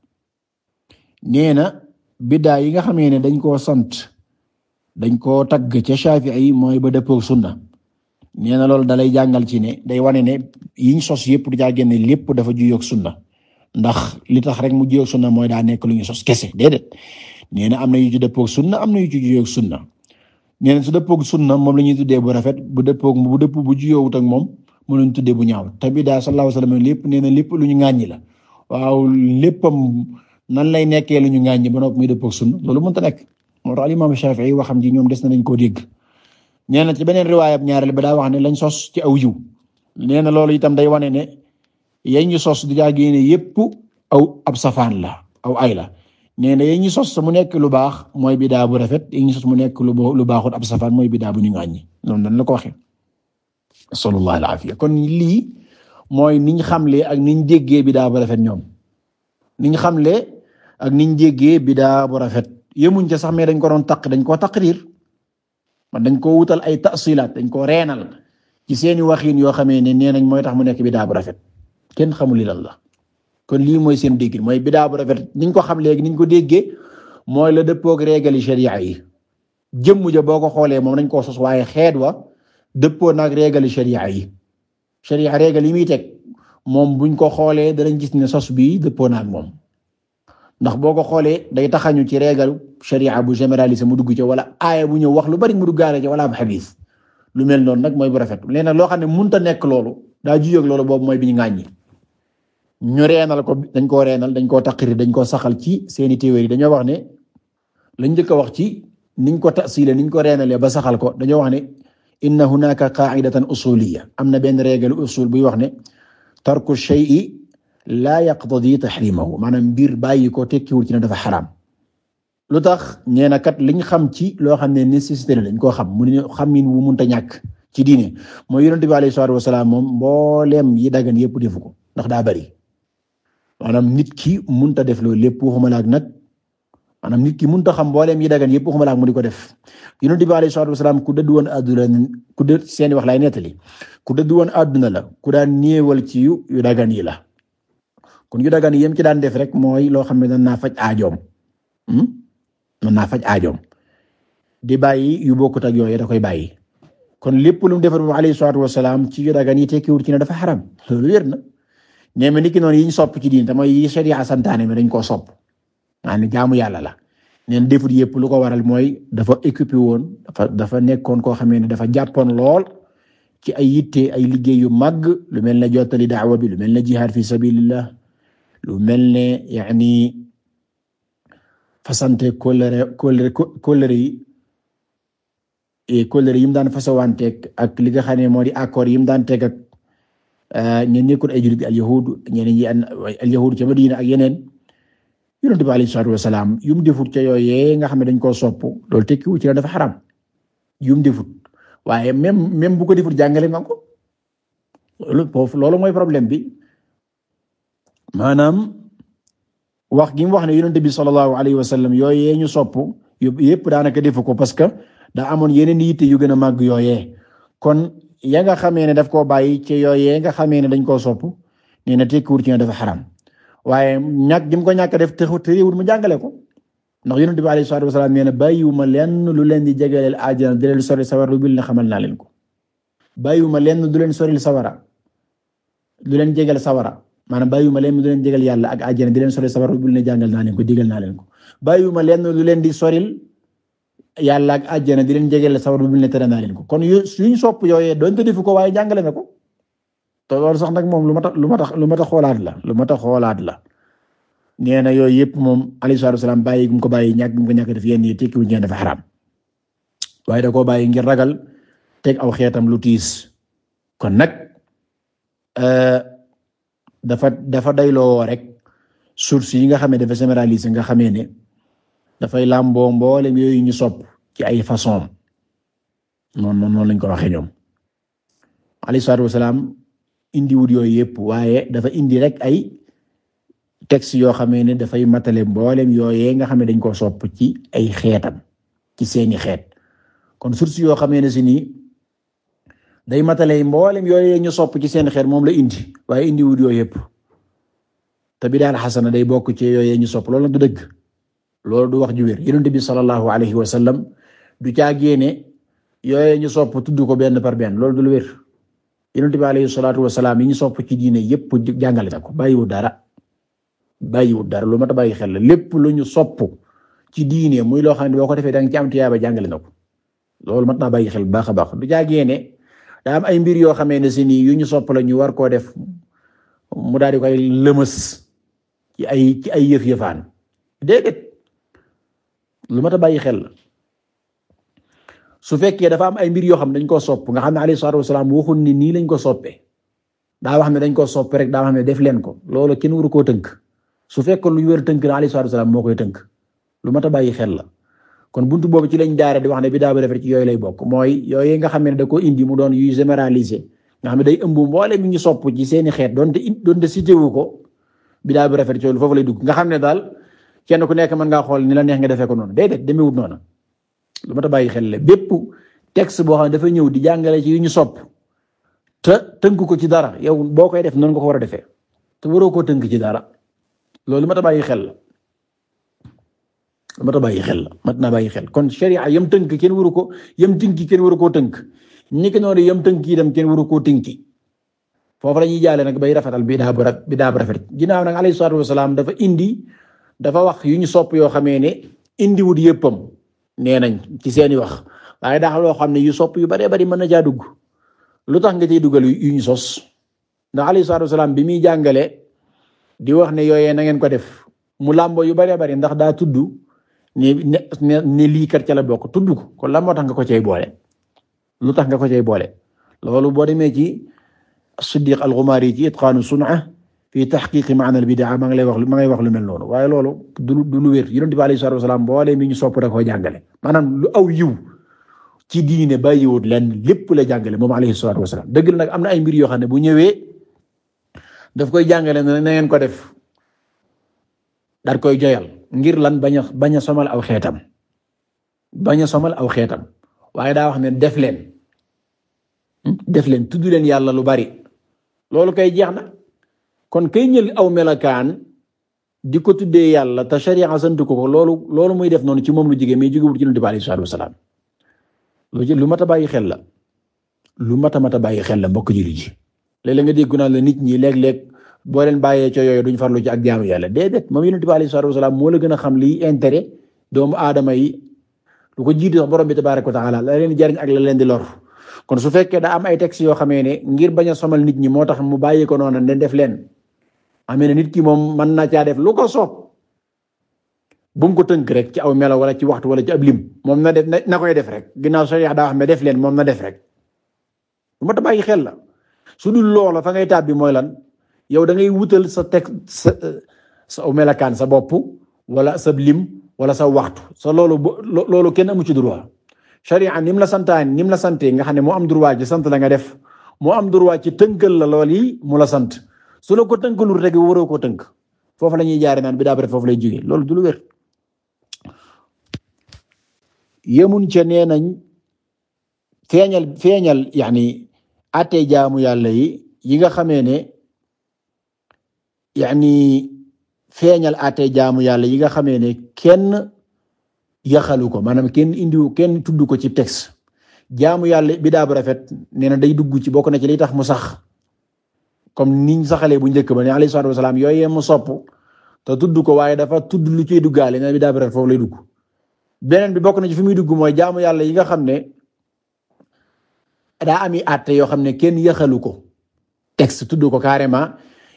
nee na biddaa yi nga xamee ne dañ koo sant dañ koo tagg ca Shaafi'i mooy ba dëppoo sunna nee na loolu dalay jàngal ci ne day wane ne yiñ sos yëpp du caa génne lépp dafa juyoog sunna ndax li tax rek mu juyoog sunna mooy daa nekk lu ñu sos kese déedéet nee am na yu ci dëppoog sunna am na yu ci juyoog sunna nee na su dëppoog sunna moom la ñuy tuddee bu rafet bu dëppoog bu dëpp bu juyoowut ak moom mun nañu tuddee bu ñaaw te bi daa sallallahu alayhi wasallam lépp nee na lépp lu ñu ŋàññi la waaw léppam nan lay nekkee lu ñu ŋàññi ba noppi muy dëppoog sunna loolu mënta nekk moo tax al imam Shafi'i waxam ji ñoom des na dañ koo dégg nee na ci beneen riwaayab ñaareel ba daa wax ne lañ sos ci aw yiw nee na loolu itam day wane ne yañ ñu sos di daa génne yépp aw ab safaan la aw ay la nee na yañ ñu sos mu nekk lu baax mooy bidaa bu rafet yañ ñu mu nekk lu lu baaxut ab safaan mooy bidaa bu ñu ngàññi noonu dañ la ko waxee sallallahu al afiya kon lii mooy niñ xamlee ak niñ jéggee bidaa bu rafet ñoom niñ xamlee ak niñ jéggee bidaa bu rafet yemuñ ca sax mais dañ ko doon taq dañ koo taqrir man dañ ko wutal ay tasilaat dañ koo reenal ci seeni waxin yoo xamee ne nee nañ mooy tax mu nekk bidaa bu rafet kenn xamul li lan la kon lii mooy seen déggin mooy bidaa bu rafet niñ ko xam léegi niñ ko déggee mooy la dëppoog régali sharia yi jëmm ja boo ko xoolee moom dañ koo sos waaye xeet wa dëppoo nag régali sharia yi sharia régal yi muy teg moom buñ ko xoolee danañ gis ne sos bi dëppoo naag moom ndax boo ko xoolee day taxañu ci réegalu sharia bu généralisé mu dugg ci wala aaya bu ñëw wax lu bari mu duggaale ci wala am xadiis lu mel noonu nag mooy bu rafet léegi nag loo xam ne munta nekk loolu daa juyoog loolu boobu mooy bi ñu ŋàññi ñu reenal ko dañ koo reenal dañ koo taqrir dañ koo saxal ci seeni téwér yi dañoo wax ne lañ njëkk wax ci niñ ko tasile niñ ko reenalee ba saxal ko dañoo wax ne inna hunaka qa'idatan usuliyya am na benn réegalu usul buy wax ne laa yaqtadi tahrimahu maanaam mbir bàyyi ko tekkiwul ci na dafa xaraam lu tax nee na kat liñ xam ci loo xam ne nécessité lañ koo xam mu ne xamin wu munta ñàkk ci diine mooy yonent bi alayhi salaatu wasalaam moom mbooleem yi dagan yépp defu ko ndax daa bari maanaam nit ki munta def loolu lépp waxuma laak nag maanaam nit ki munta xam mbooleem yi dagan yépp waxuma laak mu di ko def yonent bi alayhi salaatu wasalaam ku dëdd woon àdduna ku dëdd seeni nettali ku dëdd woon àdduna la ku daan néewal ci yu dagan yi la kon yu dagan yem ci daan def rek mooy loo xam ne mën naa faj aajoom mën hmm? naa faj aajoom di bàyyi yu bokkut ak yooyu da koy bàyyi kon lépp lu mu defar moom alayhi salaatu wasalaam ci yu dagan yi tekkiwul ci ne dafa xaram loolu wér na nee ma niki noonu yi ñu sopp ci diin te mooy yi sharia santaane mi dañ koo sopp maanaam jaamu yàlla la neen defut yëpp lu ko waral mooy dafa équipé woon dafa nekkoon koo xamee ne dafa jàppoon lool ci ay yitte ay liggéey yu màgg lu mel ne jottali daawa bi lu mel ne jihaad fi sabilillah lu mel ne yaani fasante kóllëre kóllëre kóllëre yi e kóllëre yi daan fasawanteeg ak li nga xam ne moo di accord yi mu daan teg ak eh, ñenn ñi ay julit al yahud ñeneen ak yeneen yonent bi alayhi salaatu wasalaam yu mu defut ca yooyee nga xam ne dañ koo sopp loolu tekkiwu ci la dafa xaram yu defut waaye même même bu ko defut jàngale nga ko loolu mooy problème bi. maanaam wax gi mu wax ne yonent bi sallallahu alayhi wa sallam yooyee ñu sopp yépp daanaka defu ko parce que daa amoon yeneen yitte yu gën a màgg yooyee kon ya nga xamee ne daf koo bàyyi ci yooyee nga xamee ne dañ koo sopp nee na tekkiwul ci ne dafa xaram waaye ñàkk gi mu ko ñàkk def te réewul mu jàngale ko ndax yonent bi alayhi salaatu wa salaam nee na bàyyiwuma lenn lu leen di jegeleel àjjana di leen sori sawar lu bil naa leen ko bàyyiwuma lenn du leen soril sawara du leen jegeel sawara maanaam bàyyiwuma leen lu leen jégal yàlla ak àjjana di leen sori sawar bu ne jàngal naa leen ko digal naa leen ko bàyyiwuma leen lu leen di soril yàlla ak àjjana di leen jégal sawar bu ne tere naa leen ko kon suñ sopp yooyee doonte defu ko waaye jàngale na ko to loolu sax nag moom lu ma tax lu ma tax lu ma tax xoolaat la lu ma tax xoolaat la nee na yooyu yëpp moom alayhi salaatu wasalaam bàyyi ko bàyyi ñàkk gum ko ñàkk def yenn yi tekkiwuñ ngeen xaraam waaye da koo bàyyi ngir ragal teg aw xeetam lu tiis nag euh, dafa dafa dayloo rek source yi nga xam ne dafa généraliser nga xamee ne dafay làmboo mbooleem yooyu ñu sopp ci ay façon noonu noonu lañ ko waxee ñoom alayhi salaatu wasalaam indiwut yooyu yëpp waaye dafa indi rek ay texte yoo xamee ne dafay matale mbooleem yooyee nga xam ne dañ koo sopp ci ay xeetam ci seeni xeet kon source yoo xamee ne si nii day matale mboolem yooyu ñu sopp ci seen xeer moom la indi waaye indi wut yooyu yëpp te bidaal xasana day bokk ci yooyu ñu sopp loolu du dëgg loolu du wax ju wér yonent bi sallallahu alayhi wa sallam du caa génne yooyu ñu sopp tudd ko benn par benn loolu du lu wér yonent bi alayhi salaatu wa salaam yi ñu sopp ci diine yëpp jàngale na ko bàyyiwul dara bàyyiwul dara lu mat a bàyyi xel la lépp lu ñu sopp ci diine muy loo xam ne boo ko defee da nga ci am tuyaaba jàngale na ko loolu mat naa bàyyi xel bu baax a baax du caa génne daa am ay mbir yoo xamee ne si nii yu ñu sopp la ñu war koo def mu daal koy lëmës ci ay ci ay yëf-yëfaan déedéet lu mat a bàyyi xel la su fekkee dafa am ay mbir yoo xam ne dañ koo sopp nga xam ne alayhi salaatu wasalaam ni nii lañ ko soppee daa wax ne dañ koo soppee rek daa wax ne def leen ko loolu kenn waru koo tënk su fekkoon lu ñu tënk na alayhi salaatu wasalaam moo koy tënk lu mat a bàyyi xel la kon buntu boobu ci lañ daara di wax ne biddaa bu rafet ci yooyu lay bokk mooy yooyu nga xam ne da ko indi mu doon yuy généraliser nga xam ne day ëmb mboole mi ñu sopp ci seeni xeet doon doonte cité wu ko biddaa bu rafet ci foofu lay dugg nga xam ne daal kenn ku nekk mën ngaa xool ni la neex nga defee ko noonu déedéet demewut noona lu ma ta bàyyi xel la bépp texte boo xam ne dafa ñëw di jàngale ci yu ñu sopp te tënk ko ci dara yow boo koy def noonu nga ko war a defee te waroo koo tënk ci dara loolu ma ta bàyyi xel la mat a bàyyi xel la mat naa bàyyi xel kon sharia yam tënk kenn waru ko yam tënki kenn waru koo tënk ni ki noonu yam tënk dam kenn waru koo tënki foofu la ñuy jaale nag bay rafetal bidaa bu bidaa bu rafet ginnaaw nag alayhi salaatu dafa indi dafa wax yu ñu sopp yoo xamee ne indi wut yëppam nee nañ ci seeni wax waaye daa loo xam ne yu sopp yu baree bari mën na jaa dugg lu tax nga ciy dugal yu ñu sos ndax alayhi salaatu wasalaam bi muy jàngale di wax ne yooyee na ngeen ko def mu làmbo yu baree bari ndax tudd ne ne ne lii kat ca la bokk tudd ko kon lan moo tax nga ko cay boole lu tax nga ko cay boole loolu boo demee ci Siddiq al-Ghumari ci Itqaanu Sun'a fi tahqiq ma'na al-bid'a ma ngi lay wax ma ngay wax lu mel noonu waaye loolu du du lu wér Yonent bi alayhi salaatu wasalaam boole mi ñu sopp da koo jàngale maanaam lu aw yiw ci diine bàyyiwut lenn lépp la jàngale moom alayhi salaatu wasalaam dëgg la nag am na ay mbir yoo xam ne bu ñëwee daf koy jàngale na ngeen ko def daal koy joyal ngir lan bañ a bañ a somal aw xeetam bañ a somal aw xeetam waaye daa wax ne def leen def leen tudd leen yàlla lu bari loolu kay jeex na kon kay ñël aw melakaan di ko tuddee yàlla ta sharia sant ko ko loolu loolu muy def noonu ci moom lu jigéen mais jógewul ci Yonent bi alayhi salaatu wasalaam lu lu mat a bàyyi xel la lu mat a mat a bàyyi xel la mbokk jullit ji la nit ñi léeg-léeg boo leen bàyyee ca yooyu duñ farlu ci ak jaamu yàlla déedéet moom yonent bi alayhi salaatu wasalaam moo la gën a xam lii intérêt doomu aadama yi lu ko jiitu sax borom bi tabaaraka wa taala la leen jariñ ak la leen di lor kon su fekkee daa am ay textes yoo xamee ne ngir bañ a somal nit ñi moo tax mu bàyyi ko noonu ne def leen amee ne nit ki moom mën naa caa def lu ko soob bu ko tënk rek ci aw melo wala ci waxtu wala ci ab moom na def na koy def rek ginnaaw sariya daa wax ne def leen moom na def rek lu ma ta bàyyi xel la su dul loola fa ngay tàbbi mooy lan yow da ngay wutal sa tek sa sa melakaan sa bopp wala sa lim wala sa waxtu sa loolu loolu kenn amu ci droit sharia nim la santaan nim la santee nga xam ne moo am droit ci sant la nga def moo am droit ci tënkal la lool yi mu la sant su ko tënkalul rek waroo ko tënk foofu la ñuy jaare naan bi daa bare foofu lay jógee loolu du lu wér yemuñ ca nee nañ feeñal feeñal yaani jaamu yàlla yi yi nga xamee ne yani feeñal àttee jaamu yàlla yi nga xamee ne kenn yaxalu ko maanaam kenn indiwu kenn tuddu ko ci texte jaamu yàlla bidaa bu rafet nee na day dugg ci bokk na ci liy tax mu sax comme niñ saxalee bu njëkk ba ne alayhi salaatu wasalaam yooyee mu sopp te tudd ko waaye dafa tudd lu ciy duggaale nee na bidaa bu rafet foofu lay dugg beneen bi bokk na ci fi muy dugg mooy jaamu yàlla yi nga xam ne daa ami àtte yoo xam ne kenn yaxalu ko texte tudd ko carrément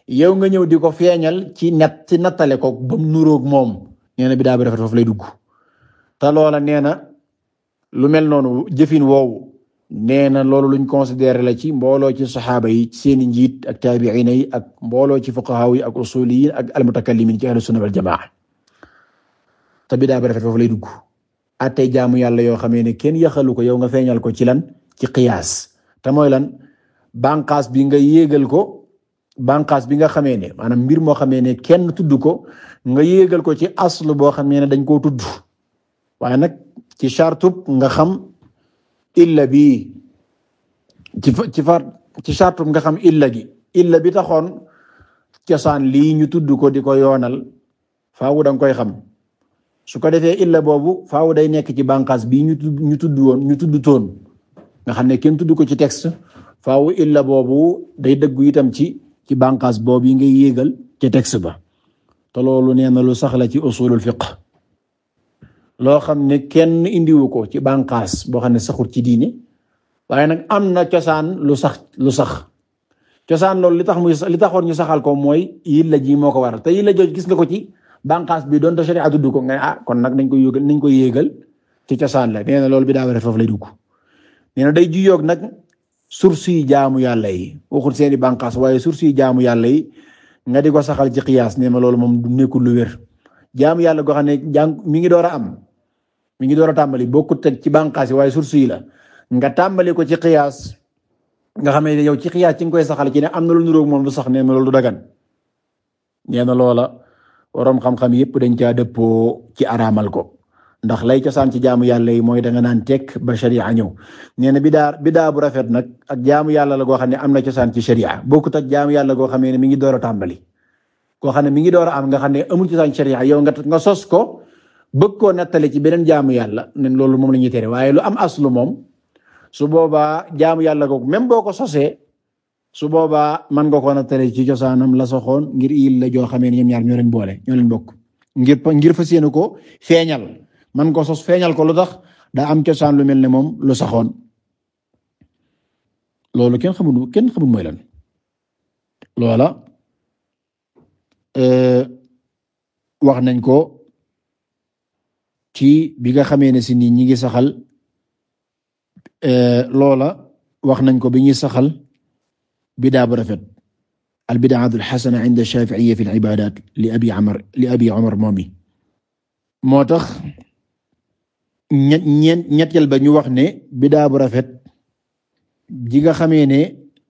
yow nga ñëw di ko feeñal ci net ci nattale ko ba mu moom nee na bidaa bi rafet foofu lay dugg te loola nee na lu mel noonu jëfin woowu nee na loolu luñ considéré la ci mbooloo ci saxaaba yi seeni njiit ak taabiina yi ak mbooloo ci fuqahaa yi ak usuliyin ak almutakallimin ci ahlu sunna wal jamaa te bidaa bi rafet foofu lay dugg attey jaamu yàlla yoo xamee ne kenn yaxalu ko yow nga feeñal ko ci lan ci qiyaas te mooy lan banqaas bi nga yéegal ko banqaas bi nga xamee ne maanaam mbir moo xamee ne kenn tudd ko nga yéegal ko ci aslu boo xamee ne dañ koo tudd waaye nag ci chartub nga xam illa bi ci ci far ci nga xam illa gi illa bi taxoon cosaan lii ñu tudd ko di ko yoonal faawu danga koy xam su ko defee illa boobu faawu day nekk ci banqaas bii ñu tudd ñu tudd woon ñu tudd toon nga xam ne kenn tudd ko ci texte faawu illa boobu day daggu itam ci ci bànqaas boobu yi ngay yéegal ci texte ba te loolu nee na lu sax la ci usulul fiqh loo xam ne kenn indiwu ko ci bànqaas boo xam ne saxul ci diine waaye nag am na cosaan lu sax lu sax cosaan lool li tax muy li taxoon ñu saxal ko mooy yilla ji moo ko waral te la jooj gis nga ko ci bànqaas bi doon te sharia tudd ko nga ne ah, kon nag nañ ko yéegal nañ ko yéegal ci cosaan la nee na bi daa war foofu lay dugg nee day juyoog nag source yi jaamu yàlla yi waxul seeni bànqaas waaye source yi jaamu yàlla yi nga di ko saxal ci xiyaas ne ma loolu moom du nekkul lu wér jaamu yàlla goo xam ne jàng mi ngi door a am mi ngi door a tàmbali bokkut teg ci bànqaas yi waaye source yi la nga tàmbali ko ci xiyaas nga xam ne yow ci xiyaas ci nga koy saxal ci ne am na lu niroog moom lu sax ne ma loolu du dagan nee na loola waroom xam-xam yépp dañ caa dëppoo ci araamal ko ndax lay cosaan ci jaamu yàlla yi mooy da naan tekk ba sharia ñëw nee na bidaa bidaa bu rafet nag ak jaamu yàlla la goo xam ne am na cosaan ci sharia bokkut ak jaamu yàlla goo xam ne mi ngi door a tàmbali koo xam ne mi ngi door a am nga xam ne amul cosaan ci sharia yow nga nga sos ko bëgg koo nettali ci beneen jaamu yàlla nen loolu moom la ñuy tere waaye lu am aslu moom su boobaa jaamu yàlla googu même boo ko sosee su boobaa mën nga koo nettali ci cosaanam la soxoon ngir il la joo xamee ne ñoom ñaar ñoo leen boole ñoo leen bokk yéene ko feeñal man ko sos feeñal ko lu tax daa am cosaan lu mel ne moom lu saxoon loolu kenn xamul kenn xamul mooy lan loola euh, wax nañ ko ci bi nga xamee ne si nii ñi ngi saxal euh, loola wax nañ ko bi ñuy saxal bidaa bu rafet al bidaatul xasana inda shafi'iyya fi al ibadat li abi amar li abi umar moomi moo tax ñett ñetteel ba ñu wax ne bidaa bu rafet ji nga xamee ne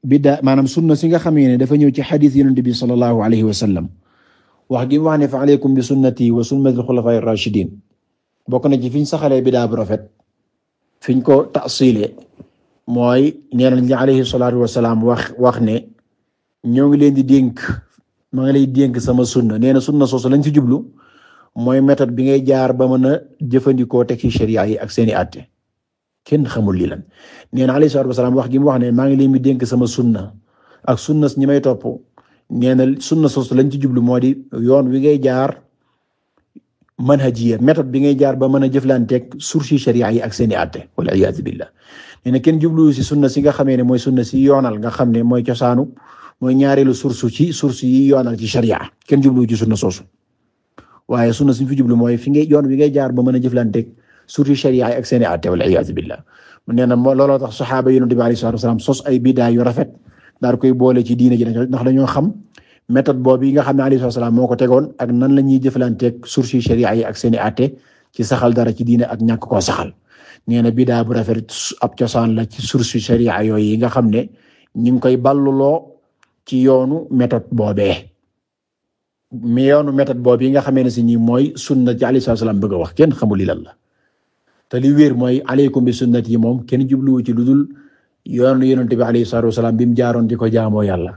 bidaa maanaam sunna si nga xamee ne dafa ñëw ci xadiis yonent bi sallallahu alayhi wa sallam wax gi mu wax ne fa alaykum bi sunnati wa sunnatil xulafaa'i bokk na ci fiñ saxalee bidaa bu rafet fiñ ko tasile mooy nee nañ li alayhi salaatu wax wax ne ñoo ngi leen di dénk ma ngi lay dénk sama sunna nee na sunna soosu lañ ci jublu mooy méthode bi ngay jaar ba mën a jëfandikoo teg ci sharia yi ak seeni àtte kenn xamul li lan nee na alayhi salaatu wasalaam wax gi mu wax ne maa ngi leen di dénk sama sunna ak sunna ñi may topp nee sunna sos lañ ci jublu moo di yoon wi ngay jaar manhajiya méthode bi ngay jaar ba mën a jëflanteeg source sharia ak seeni àtte wal iyaazu billah nee na kenn jublu si sunna si nga xamee ne mooy sunna si yoonal nga xam ne mooy cosaanu mooy ñaareelu source ci source yi yoonal ci sharia kenn jublu ci sunna soosu waaye sunna suñ fi jublu mooy fi ngay yoon wi ngay jaar ba mën a jëflanteeg surtout sharia yi ak seeni àtte wal iyaazu billah mu nee na looloo tax saxaaba yi Yonent bi alayhi salaatu wasalaam sos ay bidaa yu rafet daal koy boole dañoo xam méthode boobu yi nga xam ne alayhi salaatu wasalaam moo ko tegoon ak la ñuy jëflanteeg surtout sharia yi ak seeni àtte ci saxal dara ci diina ak ñàkk koo saxal nee na bidaa bu rafet ab cosaan la ci surtout sharia yooyu yi nga xam ne ñu ngi koy balluloo ci yoonu méthode boobee mi yoonu méthode boobu yi nga xamee ne si nii mooy sunna ci alayhi salaam bëgg a wax kenn xamul li lan la te li wér mooy aleykum bi sunnat yi moom kenn jubluwu ci lu dul yoonu yonente bi alayhi salaatu wasalaam bi mu jaaroon di ko jaamoo yàlla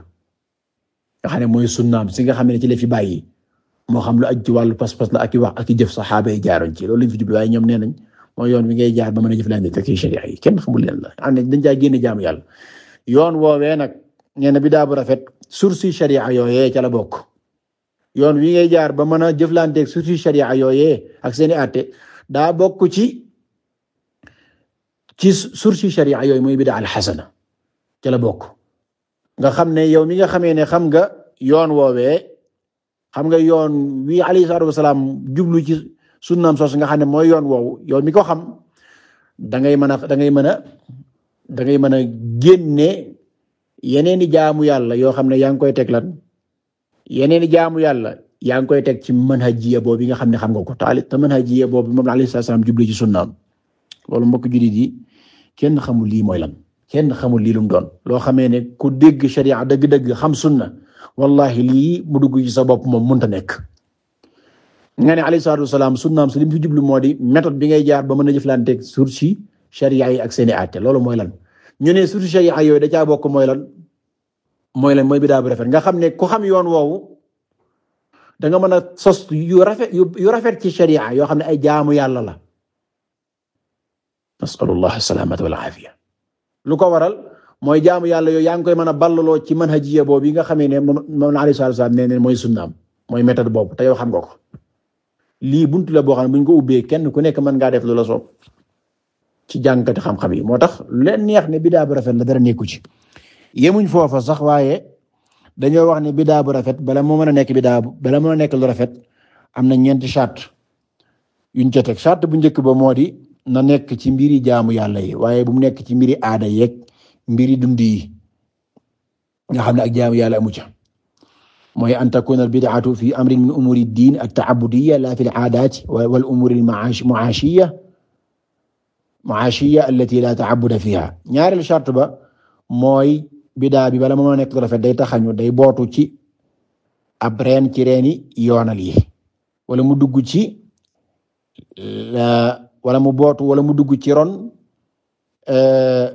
nga xam ne mooy sunnaam si nga xam ne ci la fi bàyyi moo xam lu aju wàllu pas-pas la ak wax i jëf saxaaba yi jaaroon ci loolu lañ fi ñoom nee nañ mooy yoon wi ngay jaar ba mën a jëflante te ci sharia yi kenn xamul leen la am na dañ caa génne jaamu yàlla yoon woowee nag nee na bi daa bu rafet source sharia yooyee ca la bokk yoon wi ngay jaar ba mën a jëflanteeg surtout sharia yooyee ak seeni daa bokk ci ci surtout yooyu mooy bida al xasana bokk nga xam ne yow mi nga xamee ne xam nga yoon woowee xam nga yoon wi alayhi salaatu wasalaam jublu ci sunnaam sos nga xam ne mooy yoon woowu yow mi ko xam da ngay mën a da mën a da mën a génne yeneen i jaamu yàlla yoo xam ne yaa ngi koy teg yeneen jaamu yàlla yaa ngi koy teg ci manhajiya boobu yi nga xam ne xam nga ko taali te manhajiya boobu moom la alayhi salaam jublu ci sunnaam loolu mbokk jullit yi kenn xamul lii mooy lan kenn xamul lii lu mu loo xamee ne ku dégg sharia dëgg-dëgg xam sunna wallahi lii mu dugg ci sa bopp moom mënta nekk nga ne alayhi salaatu wasalaam sunnaam si li mu fi moo di méthode bi ngay jaar ba mën a jëflanteeg sources sharia yi ak seeni àtte loolu mooy lan ñu ne sources yooyu da caa bokk mooy mooy lan mooy bidaa bu rafet nga xam ne ku xam yoon woowu da mën a sos yu rafet yu rafet ci sharia yoo xam ne ay jaamu yàlla la nasalullah salaamata wal aafiya lu ko waral mooy jaamu yàlla yooyu yaa ngi koy mën a ballaloo ci manhajiya boobu yi nga xamee ne moom la alayhi salaam nee ne mooy sunnaam mooy méthode boobu te yoo xam nga ko lii buntu la boo xam ne buñ ko ubbee kenn ku nekk mën ngaa def lu la soob ci jàngkati xam-xam yi moo tax lu leen neex ne bidaa bu rafet la dara nekku ci yemuñ foofa sax waaye dañoo wax ne bidaa bu rafet bala moo mën a nekk bidaa bala mën nekk lu rafet am na ñeenti charte yuñ ca teg bu njëkk ba moo di na nekk ci mbiri jaamu yàlla waaye bu mu nekk ci mbiri aada yeeg mbiri dund yi nga xam ne ak jaamu yàlla amu ca mooy an takuna al bid'atu fi amrin min umuri diin at ta'abbudiyya la fi al aadaat wal umuri al mu'aashiyya mu'aashiyya allati la ta'abbuda fiha ñaareel charte ba mooy bidaa bi bala moo nekk lu rafet day taxañu day bootu ci abren reen ci reeni yoonal yi wala mu dugg ci euh, wala mu bootu wala mu dugg ci ron euh,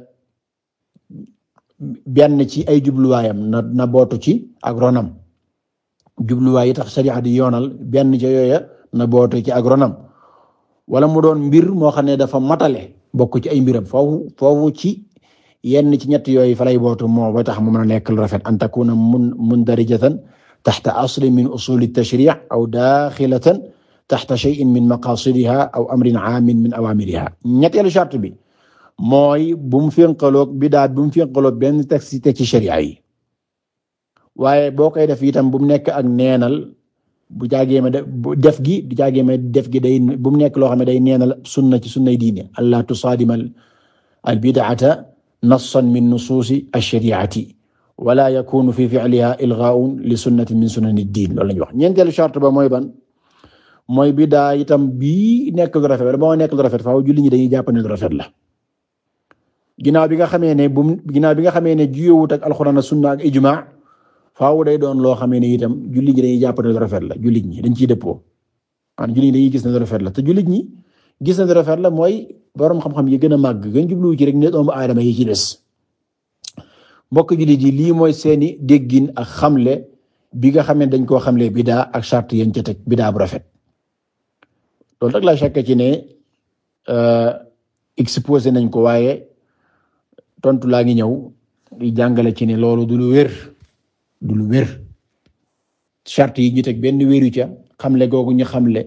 benn ci ay jubluwaayam na na bootu ci ak ronam jubluwaay yi ta sariya di yoonal benn ci yooya na bootu ci ak wala mu doon mbir moo xam ne dafa matale bokk ci ay mbiram foofu foofu ci yenn ci ñett yooyu falay bootu moo ba tax mu a nekk lu rafet an takuna mun mundarijatan taxta aslin min usul at-tashri' aw daxilatan taxta shay'in min maqasidiha aw amrin aamin min awamiriha ñetteelu bi mooy bu mu fénqaloog bidaa bu mu fénqaloog benn texte ci sharia yi waaye boo koy def itam bu mu nekk ak neenal bu jaagee ma def gi du jaagee ma def gi day bu mu nekk loo xam ne day neenal sunna ci sunnay ci allah tusaadima al bid'ata nassan min nusuusi ash-shari'ati wala yakunu fi fi'liha ilghaa'un li sunnatin min sunani diin loolu la ñuy wax ñeenteelu charte ba moy ban mooy bidaa itam bi nekk lu rafet ba moo nekk lu rafet faaw julli dañuy jàpp ne lu rafet la ginnaaw bi nga xamee ne bu ginnaaw bi nga xamee ne juyewut ak alxuraan ak sunna ak ijmaa faaw day doon loo xamee ne itam julli ñi dañuy jàpp ne rafet la julli ñi dañ ciy dëppoo maanaam julli ñi dañuy gis ne lu rafet la te julli ñi gis na di rafet la mooy borom xam-xam yi gën a màgg gën jubluwu ci rek ne doomu aadama yi ci des mbokk jullit yi lii mooy seeni déggin ak xamle bi nga xam ne dañ koo xamle bidaa ak charte yéen ca teg bidaa bu rafet loolu rek laa chaque ci ne euh, exposé nañ ko waaye tontu laa ngi ñëw di jàngale ci ne loolu lu wér du lu charte yi ñu teg benn wéru ca xamle googu ñu xamle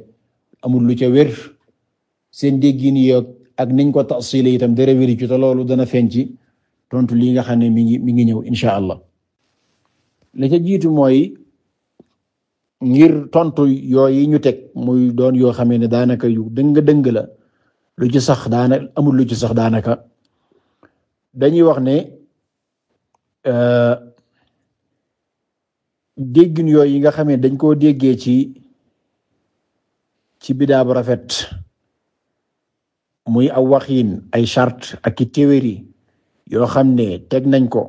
amul lu ca wér seen déggin yoog ak niñ ko tasile itam dara wéri ci te loolu dana feeñ ci tontu lii nga xam ne mi ngi mi ngi ñëw insha allah la jiitu mooy ngir tontu yooyu ñu teg muy doon yoo xamee ne daanaka yu dëng-dëng la lu ci sax daanaka lu ci sax daanaka dañuy wax ne euh, déggin yooyu yi nga xamee dañ koo déggee ci ci bidaa bu rafet muy aw waxin ay charte ak i théorie yoo xam ne teg nañ ko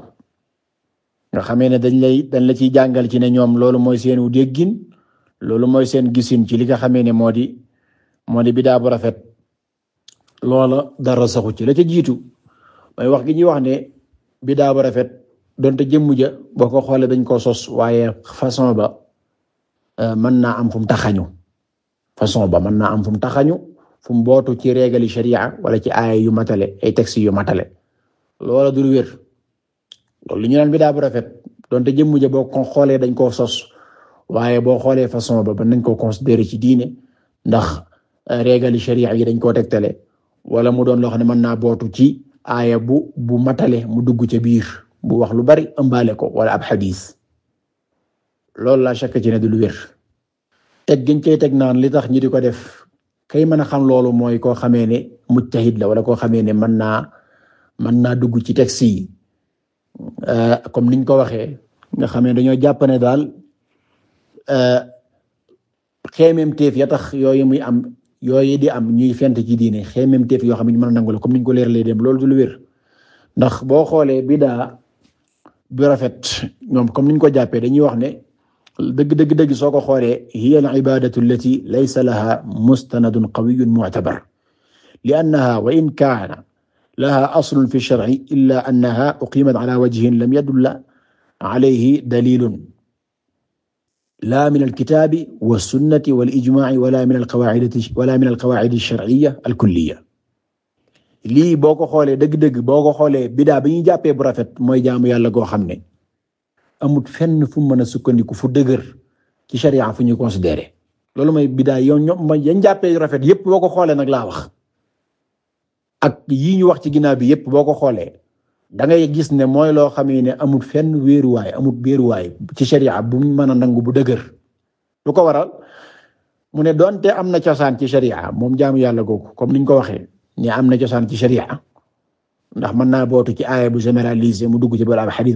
nga xamee ne dañ lay dañ la ciy jàngal ci ne ñoom loolu mooy seenu déggin loolu mooy seen gisin ci li nga xamee ne moo di moo di bidaa bu rafet loola dara saxu ci la ca jiitu may wax gi ñuy wax ne bidaa bu rafet donte jëmm ja boo ko xoolee dañ ko sos waaye façon ba euh, mën naa am fu mu taxañu façon ba mën naa am fu mu taxañu fu mbootu ci régali sharia wala ci aaya yu matale ay texte yu matale loola dul wér loolu li ñu naan daa bu rafet donte jëmm ja boo ko xoolee dañ koo sos waaye boo xoolee façon ba ban nañ koo considéré ci diine ndax euh, régali sharia yi dañ koo tegtale wala mu doon loo xam ne mën naa bootu ci aaya bu bu matale mu dugg ca biir bu wax lu bari ëmbaale ko wala ab xadis loolu la chàkk ci ne du lu wér teg giñ cay teg naan li tax ñi ko def kay mën a xam loolu mooy koo xamee ne mujtahid la wala koo xamee ne mën naa mën naa dugg ci texte yi euh, comme niñ ko waxee nga xamee dañoo jàpp ne daal euh, xeememteef ya tax yooyu muy am yooyu di am ñuy fent ci diine xeememteef yoo xam ne ñu mën a la comme niñ ko leeralee dem loolu du lu wér ndax boo xoolee bidaa bu rafet ñoom comme niñ ko jàppee dañuy wax ne. dëgg dëgg dëgg soo ko xoolee hiya al-ibaadatu allati laysa laha mustanadun qawiyyun mu'tabar li'annaha wa in kaana laha aslun fi ash-shar'i illa annaha uqimat ala wajhin lam yadulla alayhi dalilun laa min al-kitaabi wa sunnati wal ijmaa'i wala min al-qawaa'idi wala min al-qawaa'idi ash-shar'iyya al-kulliyya lii boo ko xoolee dëgg dëgg boo ko xoolee bidaa bi ñuy jàppee bu rafet mooy jaamu yàlla goo xam ne amut fenn fu mën a sukkandiku fu dëgër ci charia fu ñuy considéré loolu mooy biddaa yow ñoom ma yañ jàppee rafet yépp boo ko xoolee nag laa wax ak yii ñu wax ci ginnaaw bi yépp boo ko xoolee dangay gis ne mooy loo xam ne amut fenn wéeruwaay amut béeruwaay ci charia bu mu mën a nangu bu dëgër lu ko waral mu ne doonte am na cosaan ci sharia moom jaamu yàlla googu comme niñ ko waxee ne am na cosaan ci sharia ndax mën naa bootu ci aaya bu généralisé mu dugg ci wala ab xadis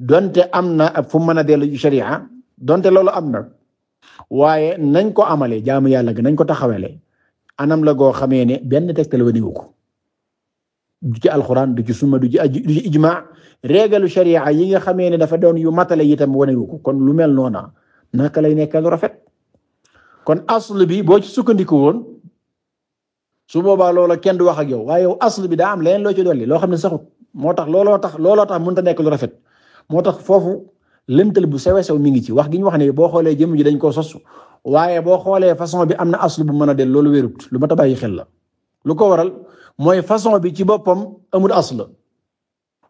donte am na fu mën a dellu sharia donte loolu am na waaye nañ ko amalee jaamu yàlla gi nañ ko taxawalee anam la goo xamee ne benn texte la waniwu ko du ci alxuraan du ci sunna du ci du ci sharia yi nga xamee ne dafa doon yu matale itam waniwu ko kon lu mel noona naka lay nekkee lu rafet kon aslu bi boo ci sukkandiku woon su boobaa loola kenn du wax ak yow waaye yow aslu bi daa am leneen loo ci dolli loo xam ne saxut moo tax looloo tax looloo tax mënut a nekk lu rafet moo tax foofu lëntale bu sewe sew mi ngi ci wax gi ñu wax ne boo xoolee jëmm ji dañ koo sos waaye boo xoolee façon bi am na aslu bu mën a del loolu wérut lu ma tabayi xel la lu ko waral mooy façon bi ci boppam amul asl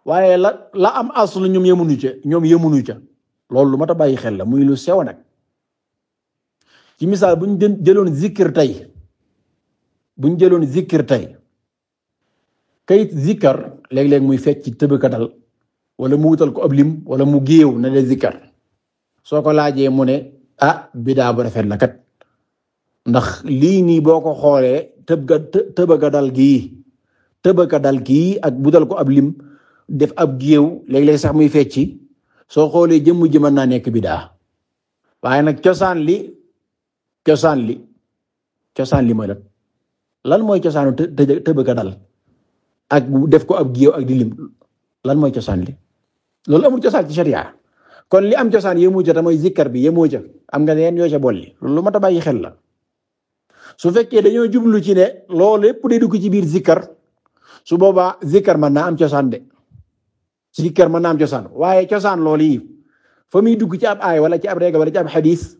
waaye la la am aslu ñoom yemuñu ca ñoom yemuñu ca loolu lu ma ta bàyyi xel la muy lu sew nag ci misaal bu ñu jëloon zikir tey buñ jëloon zikir tey kayit zikar léeg-léeg muy fecc ci tëbëkatal wala mu wutal ko ab lim wala mu géew na de zikkar soo ko laajee mu ne ah bidaa bo rafet la kat ndax lii nii boo ko xoolee tëb ga tëbaga dal gii tëbaga dal ak budal ko ab lim def ab géew léeg-léeg sax muy fecci soo xoolee jëmm ji mën naa nekk bidaa waaye nag cosaan li cosaan li cosaan li ma lan lan mooy cosaanu të tëbaga dal ak def ko ab géew ak di lim lan mooy cosaan li loolu amul cosaan ci sharia kon li am cosaan yemoo ca te mooy zikkar bi yemoo ca am nga leen yoo ca bolli loolu lu mat a bàyyi xel la su fekkee dañoo jublu ci ne lool lépp day dugg ci biir zikkar su boobaa zikkar mën naa am cosaan de zikkar mën naa am cosaan waaye cosaan loolu yi fa muy dugg ci ab aay wala ci ab reega wala ci ab xadis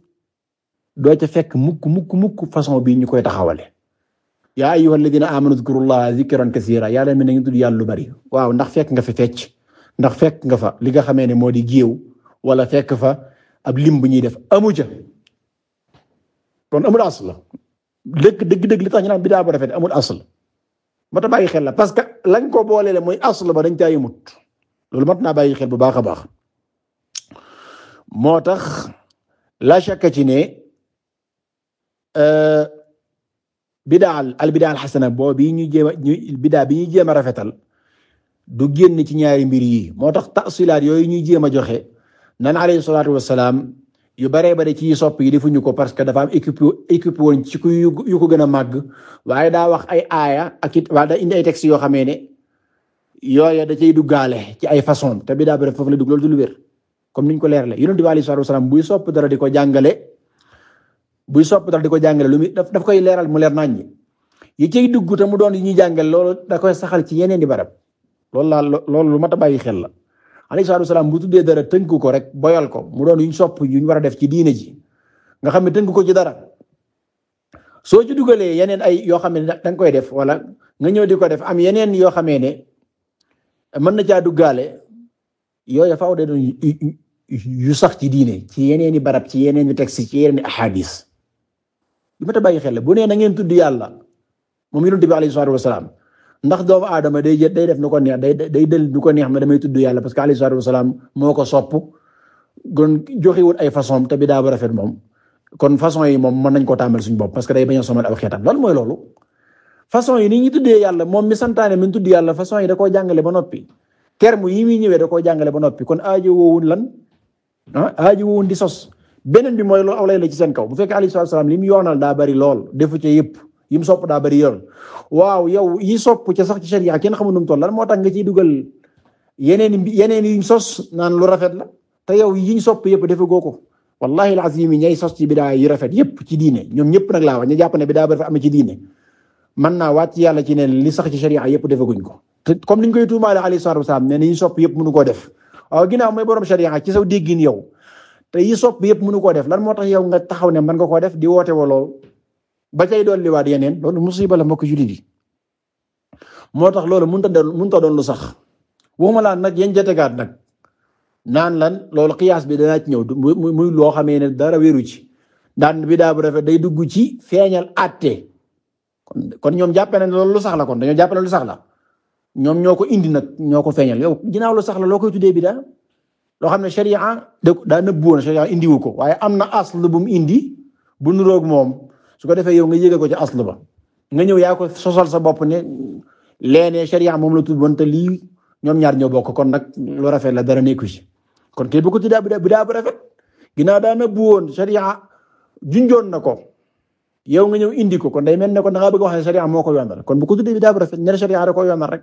doo ca fekk mukk mukk mukk façon bii ñu koy taxawale yaa ayyuhal ladina amanu zkurullaha zikran kasira yàlla mi na ngi lu bari ndax fekk nga fi fecc ndax fekk nga fa li nga xamee ne moo di géew wala fekk fa ab lim bu ñuy def amu ja kon amul asl la dëgg dëgg dëgg li tax ñu naan bidaa bu rafet amul asl mata bàyyi xel la parce que lañ ko booleele mooy asl ba dañ caa mut loolu mat naa bàyyi xel bu baax a baax moo tax la shakka ci ne euh, bidaa al bidaa al xasana boo bii ñu jéem a bidaa bi ñuy jéem a rafetal du génn ci ñaari mbir yii moo tax tasilaat yooyu ñuy jéem a joxe nan alayhi salaatu wasalaam yu baree bare ci sopp yi defuñu ko parce que dafa am équipe équipe woon ci ku yu ko gën a màgg waaye daa wax ay aaya ak it waa da indi ay textes yoo xamee ne yooya da cay duggaale ci ay façon te bi daa bëri foofu la dugg loolu du lu wér comme niñ ko leerale yonent bi alayhi salaatu wasalaam buy sopp dara di ko jàngale buy sopp dara di ko jàngale lu muy daf koy leeral mu leer naañ ñi yi cay dugg te mu doon yi ñuy jàngale loolu da koy saxal ci yeneen di barab lool la lool lu mat a bàyyi xel la alayhi salaatu wasalaam bu tuddee dara tënk ko rek boyal ko mu doon yuñ sopp yuñ war a def ci diine ji nga xam ne tënk ko ci dara soo ci dugalee yeneen ay yoo xam ne da nga koy def wala nga ñëw di ko def am yeneen yoo xamee ne mën na caa duggaale yooyu faaw doon yu sax ci diine ci yeneeni barab ci yeneeni texte ci yeneeni ahadis yu mat a bàyyi xel la bu nee na ngeen tudd yàlla moom yonent bi alayhi salaatu wasalaam ndax doomu aadama day jë day def nu ko neex day day del nu ko neex ma damay tudd yàlla parce que alayhi salaatu wasalaam moo ko sopp kon joxiwul ay façon te bi daa ba rafet moom kon façon yi moom mën nañ ko tàmbali suñu bopp parce que day bañ a somal aw xeetam loolu mooy loolu façon yi ni ñu tuddee yàlla moom mi santaane mi tudd yàlla façon yi da koo jàngale ba noppi terme yi muy we da koo jàngale ba noppi kon aajo woowun lan ah aajo woowun di sos beneen bi mooy loolu aw lay bu fekkee alayhi salaatu wasalaam li mu yoonal daa bari lool defu ci yëpp yi mu sopp daa bari yoon waaw yow yi sopp ca sax ci sharia kenn xamul nu mu lan moo tax nga ciy dugal yeneen yeneen yuñ sos naan lu rafet la te yow yiñ sopp yëpp dafa goo ko wallahi alazim yi ñay sos ci bidaa yu rafet yëpp ci diine ñoom ñëpp nag laa wax jàpp ne bidaa ba dafa am ci diine man naa waat ci yàlla ci ne li sax ci sharia yëpp defaguñ ko te comme niñ koy tuumaale alayhi salaatu wasalaam ne niñ sopp yëpp mënu koo def waaw ginnaaw mooy borom sharia ci saw yow te yi sopp yëpp mënu koo def lan moo tax yow nga taxaw ne mën nga koo def di woote waloo ba cay dolliwaat yeneen loolu musiba la mbokk jullit yi moo tax loolu mënut a doon mënut a doon lu sax waxuma laan nag yéen joteekaat nag naan lan loolu xiyaas bi danaa ci ñëw muy loo xamee ne dara wéru ci daan bi daa bu rafet day dugg ci feeñal àtte kon kon ñoom jàppe na loolu lu sax la kon dañoo jàppe lu sax la ñoom ñoo ko indi nag ñoo ko feeñal yow ginnaaw lu sax la loo koy tuddee bi daa loo xam ne sharia da daa nëbbu woon sharia indiwu ko waaye am na asl bu mu indi bu nuroog moom su ko defee yow nga yéege ko ci aslu ba nga ñëw yaa ko sosal sa bopp ne leenee sharia moom la tudd woon te lii ñoom ñaar ñoo bokk kon nag lu rafet la dara nekku ci kon kay bu ko tuddaa bi daa bu rafet ginnaaw daana bu woon sharia junjoon na ko yow nga ñëw indi ko kon day mel ne kon da ngaa bëgg a wax moo ko yoonal kon bu ko tuddee bi daa bu rafet ñeneen sharia ko yoonal rek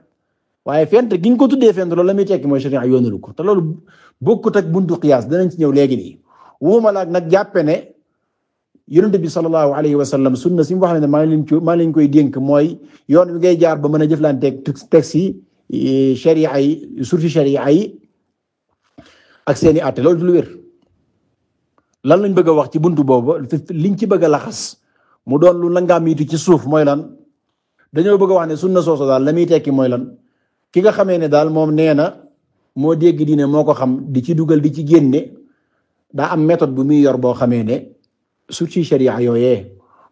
waaye fent gi nga ko loolu la muy tekki mooy sharia yoonalu ko te loolu bokkut ak buntu qiyaas danañ ci ñëw léegi nii wuuma laag nag jàppe ne yonente bi sallallahu alayhi wa sallam sunna si mu wax ne maa leen maa leen koy dénk mooy yoon wi ngay jaar ba mën a jëflanteeg texte yi sharia yi surtout sharia ay ak seeni àtte loolu du lu wér lan lañ bëgg a wax ci buntu boobu liñ ci bëgg a laxas mu doon lu langaamiitu ci suuf mooy lan dañoo bëgg a wax ne sunna sooso daal la muy tekki mooy lan ki nga xamee ne daal moom nee na moo dégg diine moo ko xam di ci dugal di ci génne daa am méthode bu muy yor boo xamee ne surtout sharia yooyee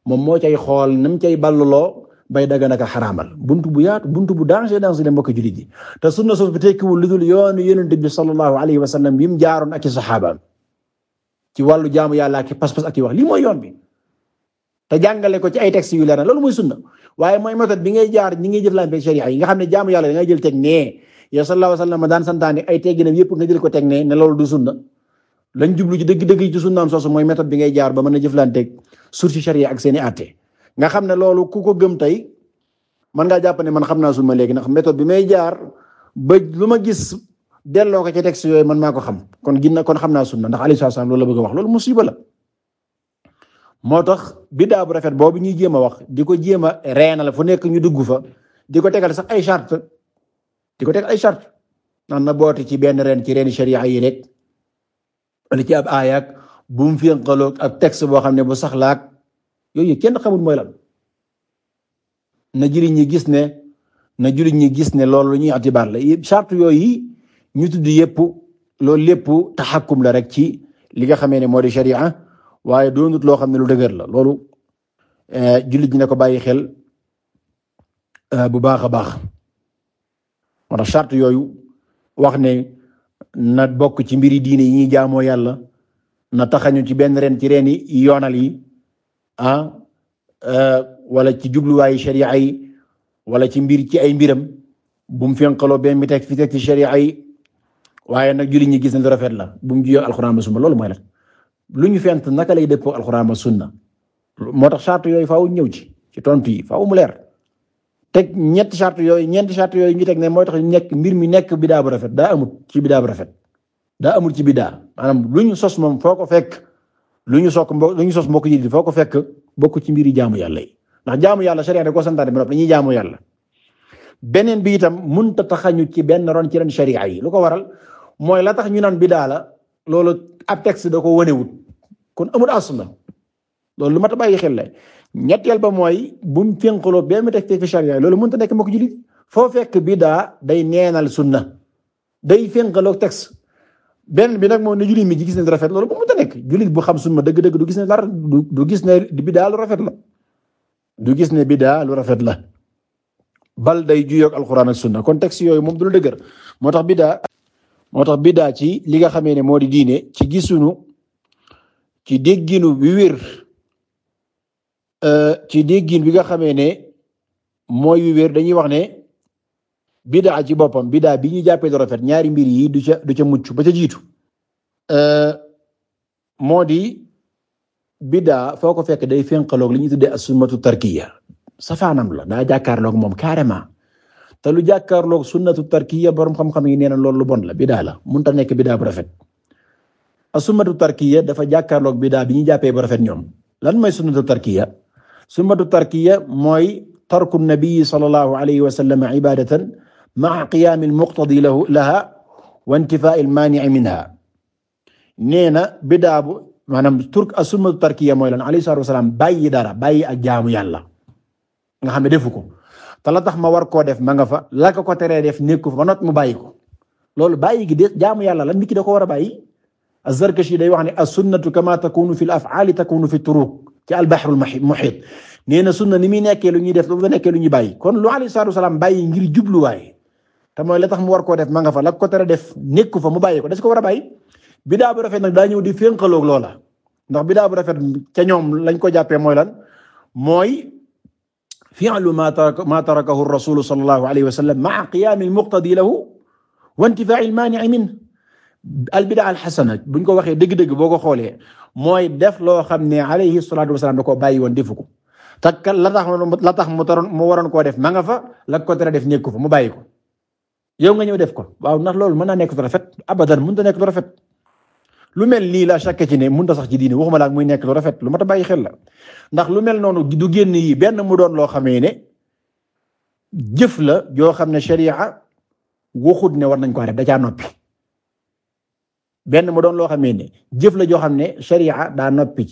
moom moo cay xool nam cay balluloo bay daga naka xaraamal buntu bu yaat buntu bu danger danger le mbokk jullit yi te sunna soosu bi tekkiwul lu dul yoonu yonent bi sallallahu alayhi wa sallam yim jaaroon ak i saxaabaam ci yàlla ak i ak i wax lii yoon bi te jàngale ko ci ay textes yu leer na loolu mooy sunna waaye mooy méthode bi ngay jaar ñi ngay jëflante sharia yi nga xam ne jaamu yàlla da ngay jël teg nee yow sallallahu alayhi wa sallam daan santaane ay tegginam yëpp nga jël ko teg nee ne loolu du sunna lañ jublu ci dëgg-dëgg ci sunnaam soosu mooy méthode bi ngay jaar ba mën a jëflanteeg sursi charia ak seeni i nga xam ne loolu ku ko gëm tey mën ngaa jàpp ne man xam naa sunna léegi ndax méthode bi may jaar ba lu ma gis delloo ko ci texte yooyu man maa ko xam kon ginna kon xam naa sunna ndax alayhi salaam loolu la bëgg a wax loolu musiba la moo tax biddaa bu rafet boobu ñuy jéem a wax di ko jéem a reenal fu nekk ñu dugg fa di ko tegal sax ay charte di ko tegal ay charte naan na boote ci benn reen ci reeni sharia yi rek wala ci ab aayaak bu mu fénqaloog ab texte boo xam ne bu saxlaak yooyu kenn xamul mooy lan na jullit ñi gis ne na jullit ñi gis ne loolu ñuy atibaar la charte yooyu ñu tudd yépp loolu lépp taxakkum la rek ci li nga xamee ne moo di sharia waaye doonut loo xam ne lu dëgër la loolu eh, juli ñi na ko bàyyi xel eh, bu baax a baax moo charte yooyu wax ne na bokk ci mbir yi diine yi ñuy jaamoo yàlla na taxañu ci benn ren ci reeni yoonal yi ah euh, wala ci jubluwaayu sharia yi wala ci mbir ci ay mbiram bu mu fenqaloo benn mi teg fi teg ci sharia yi waaye nag jullit ñi gis na rafet la bu mu jiyoo alxuraan ba sunna loolu mooy la lu ñu fent naka lay dëppoo alxuraan ba sunna moo tax charte yooyu faaw ñëw ci ci tontu yi faaw mu leer teg ñetti charte yooyu ñeenti charte yooyu ñu teg ne mooy tax nekk mbir mi nekk bidaa bu rafet daa amul ci bidaa bu rafet daa amul ci bidaa maanaam lu ñu sos moom foo ko fekk lu ñu sok lu ñu sos mbokk yi di foo ko fekk bokk ci mbiri jaamu yàlla yi ndax jaamu yàlla sharia da ko santaane ba noppi dañuy jaamu yàlla beneen bi itam mënut a taxañu ci benn ron ci ren sharia yi lu ko waral mooy la tax ñu naan bidaa la loolu ab texte da ko wanewut kon amul asla loolu lu mat a bàyyi xel la ñetteel ba mooy bu mu fénqaloo bee mu teg fi loolu mënut a nekk mbokk jullit foo fekk bidaa day neenal sunna day fénqaloo texte benn bi nag moom ne jullit mi gis rafet loolu bu mënut a nekk jullit bu xam sunna dëgg-dëgg gis ne dara du gis ne bidaa lu rafet la du gis ne bidaa lu rafet la bal day juyoog alxuraan ak sunna kon texte yooyu moom du lu dëgër moo tax bidaa moo tax bidaa ci li nga xamee ne moo di diine ci gisuñu ci dégginu bi wér Euh, ci déggin bi nga xamee ne mooy yu wér dañuy wax ne bidaa ci boppam bidaa bi ñu jàppee lu rafet ñaari mbir yii du ca du ca mucc ba ca jiitu euh, moo di bidaa foo ko fekk day fénqaloog li ñuy tuddee as-sunnatu tarkiya safaanam la daa jàkkaarloog moom carrément te lu jàkkaarloog sunnatu tarkiya borom xam-xam yi nee na loolu lu bon la bidaa la mënta nekk bidaa bu rafet as-sunnatu tarkiya dafa jàkkaarloog bidaa bi ñu jàppee bu rafet ñoom lan mooy sunnatu tarkiya sunnatu tarkiya mooy tarku nabii sallallahu alayhi wa sallam ibadatan maa qiyaami almuqtadi lahu laha wa intifaai almaanii minha nee na bidaa bu maanaam turk a sunnatu tarkiya mooy lan alayhi salaatu wasalaam bàyyi dara bàyyi ak jaamu yàlla nga xam ne defu ko te la tax ma war koo def ma nga fa la ko ko teree def nekku fa ba not mu bàyyi ko loolu bàyyi gi de jaamu yàlla la nit ki da ko war a bàyyi az-Zarkashi day wax ne as-sunnatu kama takunu fi al-af'ali takunu fi turuq ci albaxrul muxiit nee na sunna ni muy nekkee lu ñuy def ba nekkee lu ñuy bàyyi kon lu alayhi salaatu wasalaam bàyyi ngir jubluwaay te mooy la tax mu war koo def ma nga fa la ko tere def nekku fa mu bàyyi ko da si ko war a bàyyi bidaa bu rafet nag daa ñëw di fénqaloog loola ndax bidaa bu rafet ca ñoom lañ ko jàppee mooy lan mooy fi'lu ma ma tarakahu rasulu sallallahu alayhi wa sallam ma'a qiyaami al-muqtadi lahu wa intifaa'i al-maani'i minhu al bidaa al xasana buñ ko waxee dëgg-dëgg boo ko xoolee mooy def loo xam ne alayhi salaatu wasalaam da koo bàyyi woon defu ko takka la tax la tax mu taroon mu waroon koo def ma nga fa la ko tere def nekku fa mu bàyyi ko yow nga ñëw def ko waaw ndax loolu mën naa nekk du rafet abadan mënut ta nekk du rafet lu mel nii la chaque ci mun mënut a sax ci diine waxuma laa muy nekk lu rafet lu mat a bàyyi xel la ndax lu mel noonu du génn yi benn mu doon loo xamee ne jëf la joo xam ne sharia waxut ne war nañ ko def da caa noppi benn mu doon loo xamee ne jëf la joo xam ne sharia daa noppi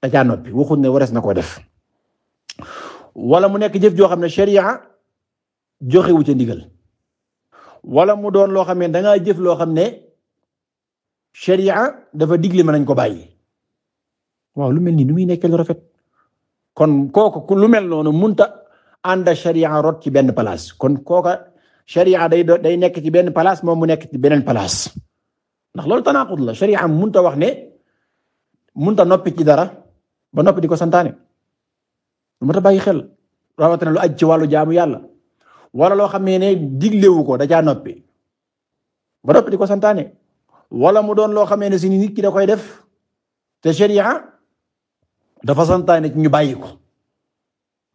da caa noppi waxuñ ne warees na koo def wala mu nekk jëf joo xam ne sharia joxewu ca ndigal wala mu doon loo xam ne dangaa jëf loo xam ne sharia dafa digli mën nañ ko bàyyi waaw lu mel nii nu muy nekkee lu rafet kon kooku lu mel noonu munta ànd ak sharia rot ci benn place kon kooka sharia day day nekk ci benn place moom mu nekk ci beneen place ndax loolu tanaqud am sharia ta wax ne munta noppi ci dara ba noppi di ko santaane lu mat a bàyyi xel rawatina lu aj ci wàllu jaamu yàlla wala loo xam ne ne diglewu ko dajaa caa noppi ba noppi di ko santaane wala mu doon loo xamee ne si nit ki da koy def te sharia dafa santaane ñu bàyyi ko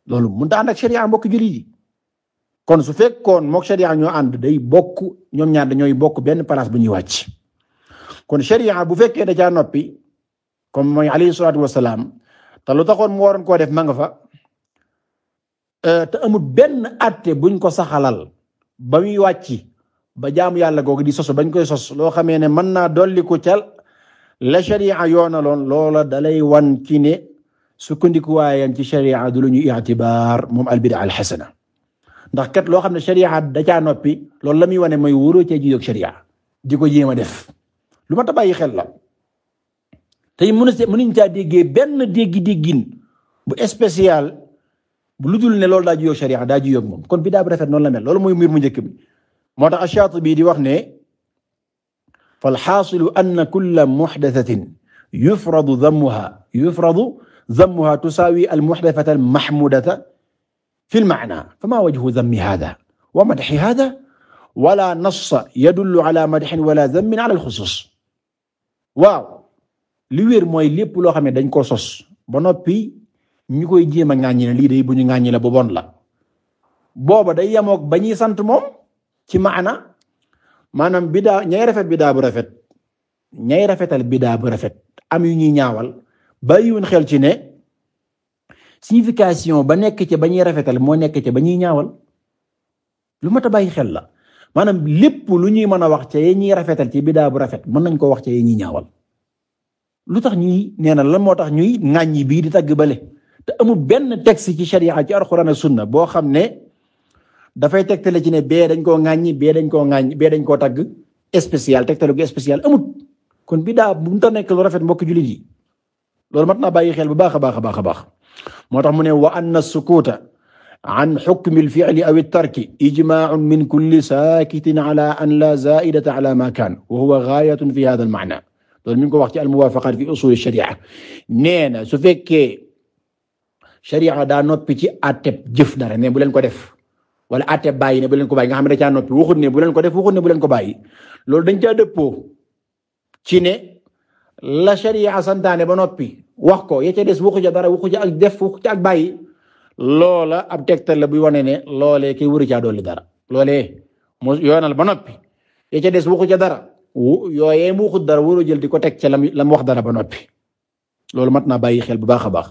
loolu mun ànd ak sharia mbokk jullit yi kon su fekkoon mook sharia ñoo ànd day bokk ñoom ñaar dañooy bokk benn place bu ñuy wàcc kon sharia bu fekkee da noppi comme mooy alayhi salaatu wasalaam te lu taxoon mu waroon koo def ma nga fa euh, te amut benn atte buñ ko saxalal ba muy wàcci ba jaam yàlla googu di sosu bañ koy sos loo xamee ne mën naa dolliku cal la sharia loon loola dalay wan ci ne sukkandikuwaayam ci sharia du lu ñu itibaar moom albida al xasana ndax kat loo xam ne sharia da caa noppi loolu la muy wane moy wóoroo cee ji yog sharia di ko jéem a def lu ma ta bàyyi xel la tey mënu mënuñ caa déggee benn déggi-déggin bu spécial lu dul ne loolu daa juyoo sharia daa juyoo moom kon bidaa bi rafet noonu la mel loolu mooy mbir mu njëkk bi moo tax Ash-Shaatibi di wax ne fal xaasilu anna kulla muxdathatin yufradu dammuha yufradu dammuha tusaawi al muxdathata al mahmudata fi al maana fa ma wajhu dammi hada wa madxi hada wala nassa yadullu ala madxin wala dammin ala al xusuus waaw lu wér mooy lépp loo xam ne dañ koo sos ba noppi ñu koy jéem a ŋàññi lii day bu ñu ŋàññi la la booba day yemoog ba ñuy sant moom ci maana maanaam bidaa ñay rafet bidaa bu rafet ñay rafetal bidaa bu rafet am yu ñuy ñaawal bàyyiwuñ xel ci ne signification ba nekk ce ba ñuy rafetal moo nekk ci ba ñuy ñaawal lu mat a bàyyi xel la maanaam lépp lu ñuy mën a wax ca yi ñuy rafetal ci bidaa bu rafet mën nañ ko wax ca yi ñuy ñaawal lu tax ñuy nee na lan moo tax ñuy ŋàññi bii di tagg bale te amul benn texte ci sharia ci alxuraan ak sunna boo xam ne dafay tegtale ci ne bee dañ ko ŋàññi bee dañ koo ŋàññi bee dañ koo tagg spécial tegtale spécial amut kon bidaa bu mu nekk lu rafet mbokk jullit yi loolu mat naa bàyyi xel bu baax a baax a baax a baax moo tax mu ne wa anna sukuuta an xukmi alficli aw altarki ijmaacun min kulli saakitin ala an la zaaidata ala ma kaan wa huwa gaayatun fi hada almaana loolu mi ngi ko wax ci almuwaafaqaat fi usul sharia nee na su fekkee sharia daa noppi ci atteb jëf dara ne bu leen ko def wala atteb bàyyi ne bu leen ko bàyyi nga xam ne da caa noppi waxut ne bu leen ko def waxut ne bu leen ko bàyyi loolu dañ caa dëppoo ci ne la sharia santaane ba noppi wax ko ya ca des waxu ca dara waxu ca ak def waxu ca ak bàyyi loola ab tegtal la buy wane ne loolee kay wëru caa dolli dara loole mu yoonal ba noppi ya ca des waxu ca dara yooye mu waxut dara waroo jël di ko teg ca lam lam wax dara ba noppi loolu mat na bàyyi xel bu baax a baax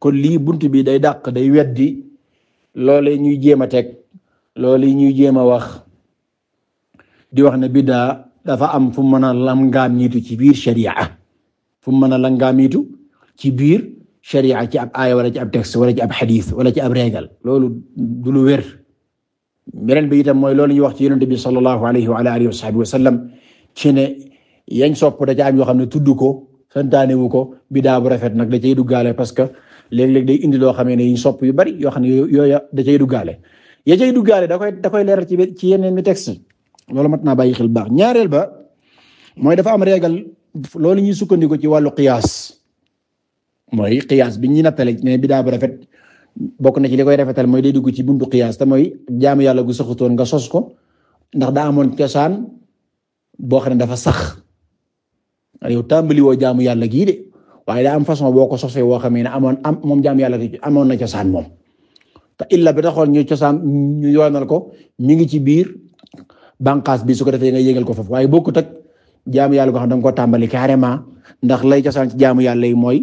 kon lii bunt bi day dàq day weddi loolee ñuy jéem a teg loolu ñuy jéem a wax di wax na biddaa dafa am fu mën a langaamiitu ci biir sharia fu mën a langaamiitu ci biir sharia ci ab aaya wala ci ab texte wala ci ab xadis wala ci ab régal loolu du lu wér beneen bi itam mooy loolu ñu wax ci yonente bi sallallahu alayhi wa alihi wa sahbihi wa sallam ci ne yañ sopp da ca am yoo xam ne tudd ko santaanewu ko bidaa bu rafet nag da cay duggaale parce que léeg-léeg day indi loo xamee ne yiñ sopp yu bari yoo xam ne yooya da cay duggaale ya cay duggaale da koy da koy leeral ci ci yeneen mi texte loolu mat naa bàyyi xel baax ñaareel ba mooy dafa am régal loolu ñuy sukkandiku ci wàllu qiyaas mooy qiyaas bi ñuy nattale ne bidaa bu rafet bokk na ci li koy rafetal mooy day dugg ci buntu qiyaas te mooy jaamu yàlla gu saxutoon nga sos ko ndax daa amoon cosaan boo xam ne dafa sax yow tàmbali woo jaamu yàlla gii de daa am façon boo ko sosee woo xam ne amoon am moom jaamu yàlla gi amoon na cosaan moom te illa bi xool ñu cosaan ñu yoonal ko mi ngi ci biir banqaas bi su ko defee nga yëngal ko foofu waaye bokkut ak jaamu yàlla goo xam ne ko tàmbali carrément ndax lay cosaan ci jaamu yàlla yi mooy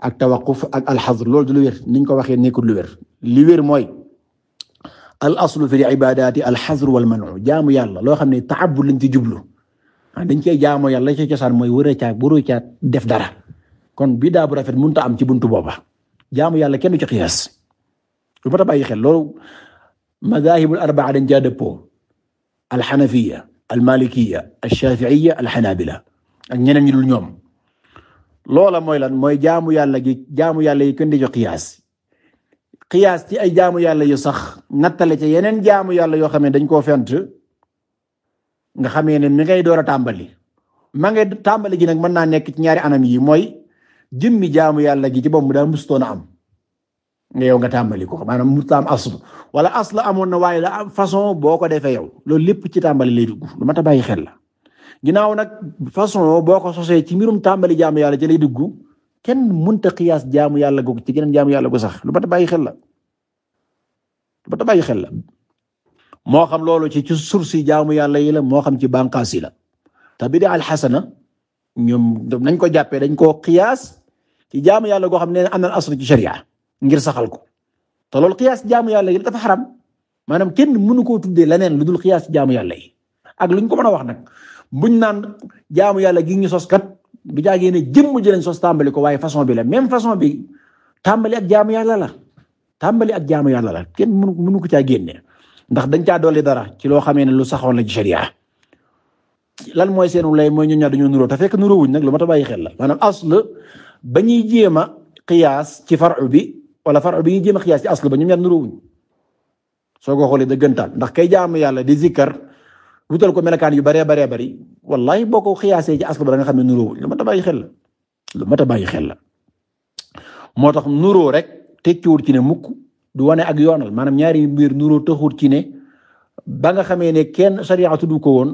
ak tawaquf ak alxadr loolu du lu wér niñ ko waxee nekkul lu wér li wér mooy al aslu fi ibadaati alxadr wal manu jaamu yàlla loo xam ne taabud lañ ci jublu ah, dañ koy jaamu yàlla ci cosaan mooy wërë caat buru caat def dara kon bidaa bu rafet mënut am ci buntu booba jaamu yàlla kenn du ci xiyaas lu mat a bàyyi xel loolu madaahibul arbaa dañ caa dëppoo alxanafiya almalikiya alshaafiiya alxanaabila ak ñeneen ñu dul ñoom loola mooy lan mooy jaamu yàlla gi jaamu yàlla yi kenn di jox xiyaas ci ay jaamu yàlla yu sax nattale ca yeneen jaamu yàlla yoo xam ne dañ koo fent nga xamee ne mi ngay door a tàmbali ma ngay tàmbali gi nag mën naa nekk ci ñaari anam yi mooy jëmmi jaamu yàlla gi ci boppam daal musutoon a am nga yow nga tàmbali ko maanaam mu taam asl wala asl amoon na waay la façon boo ko defee yow loolu lépp ci tàmbali lay dugg lu mat a bàyyi xel ginnaaw nag façon boo ko sosee ci mbirum tàmbali jaamu yàlla ci lay dugg kenn mënta xiyaas jaamu yàlla googu ci geneen jaamu yàlla gu sax lu ba ta bàyyi xel la lu bàyyi xel la moo xam loolu ci ci source yi jaamu yàlla yi la moo xam ci bànqaas yi la te bidaa al xasana ñoom nañ ko jàppee dañ ko xiyaas ci jaamu yàlla goo xam ne am na aslu ci sharia ngir saxal ko te loolu xiyaas jaamu yàlla yi dafa xaram maanaam kenn mënu koo tuddee leneen lu dul xiyaas jaamu yàlla yi ak ñu ko mën a wax nag buñ naan jaamu yàlla gi ñu sos kat du jaagee ne jëmm ji lañ sos tàmbali ko waaye façon bi la même façon bi tàmbali ak jaamu yàlla la tàmbali ak jaamu yàlla la kenn mënu mënu ko caa génne ndax dañ caa dolli dara ci loo xamee ne lu saxoon la ci sharia lan mooy seenu lay mooy ñu ñaar dañoo nuroo te fekk nuroo wuñ nag lu ma ta bàyyi xel la maanaam asl ba ñuy jéem a xiyaas ci far bi wala faru bi ñuy jéem a xiyaas ci asl ba ñu ñaar nuroo wuñ soo ko xoolee dëggantaan ndax kay jaamu yàlla di zikkar wutal ko melakaan yu baree baree bari wallahi boo ko xiyaasee ci askan ba nga xam ne nuróo lu mat a bàyyi xel lu mat a bàyyi xel la moo tax nuróo rek tekkiwul ci ne mukk du wane ak yoonal maanaam ñaari mbir nuróo taxul ci ne ba nga xamee ne kenn sariya tuddu ko woon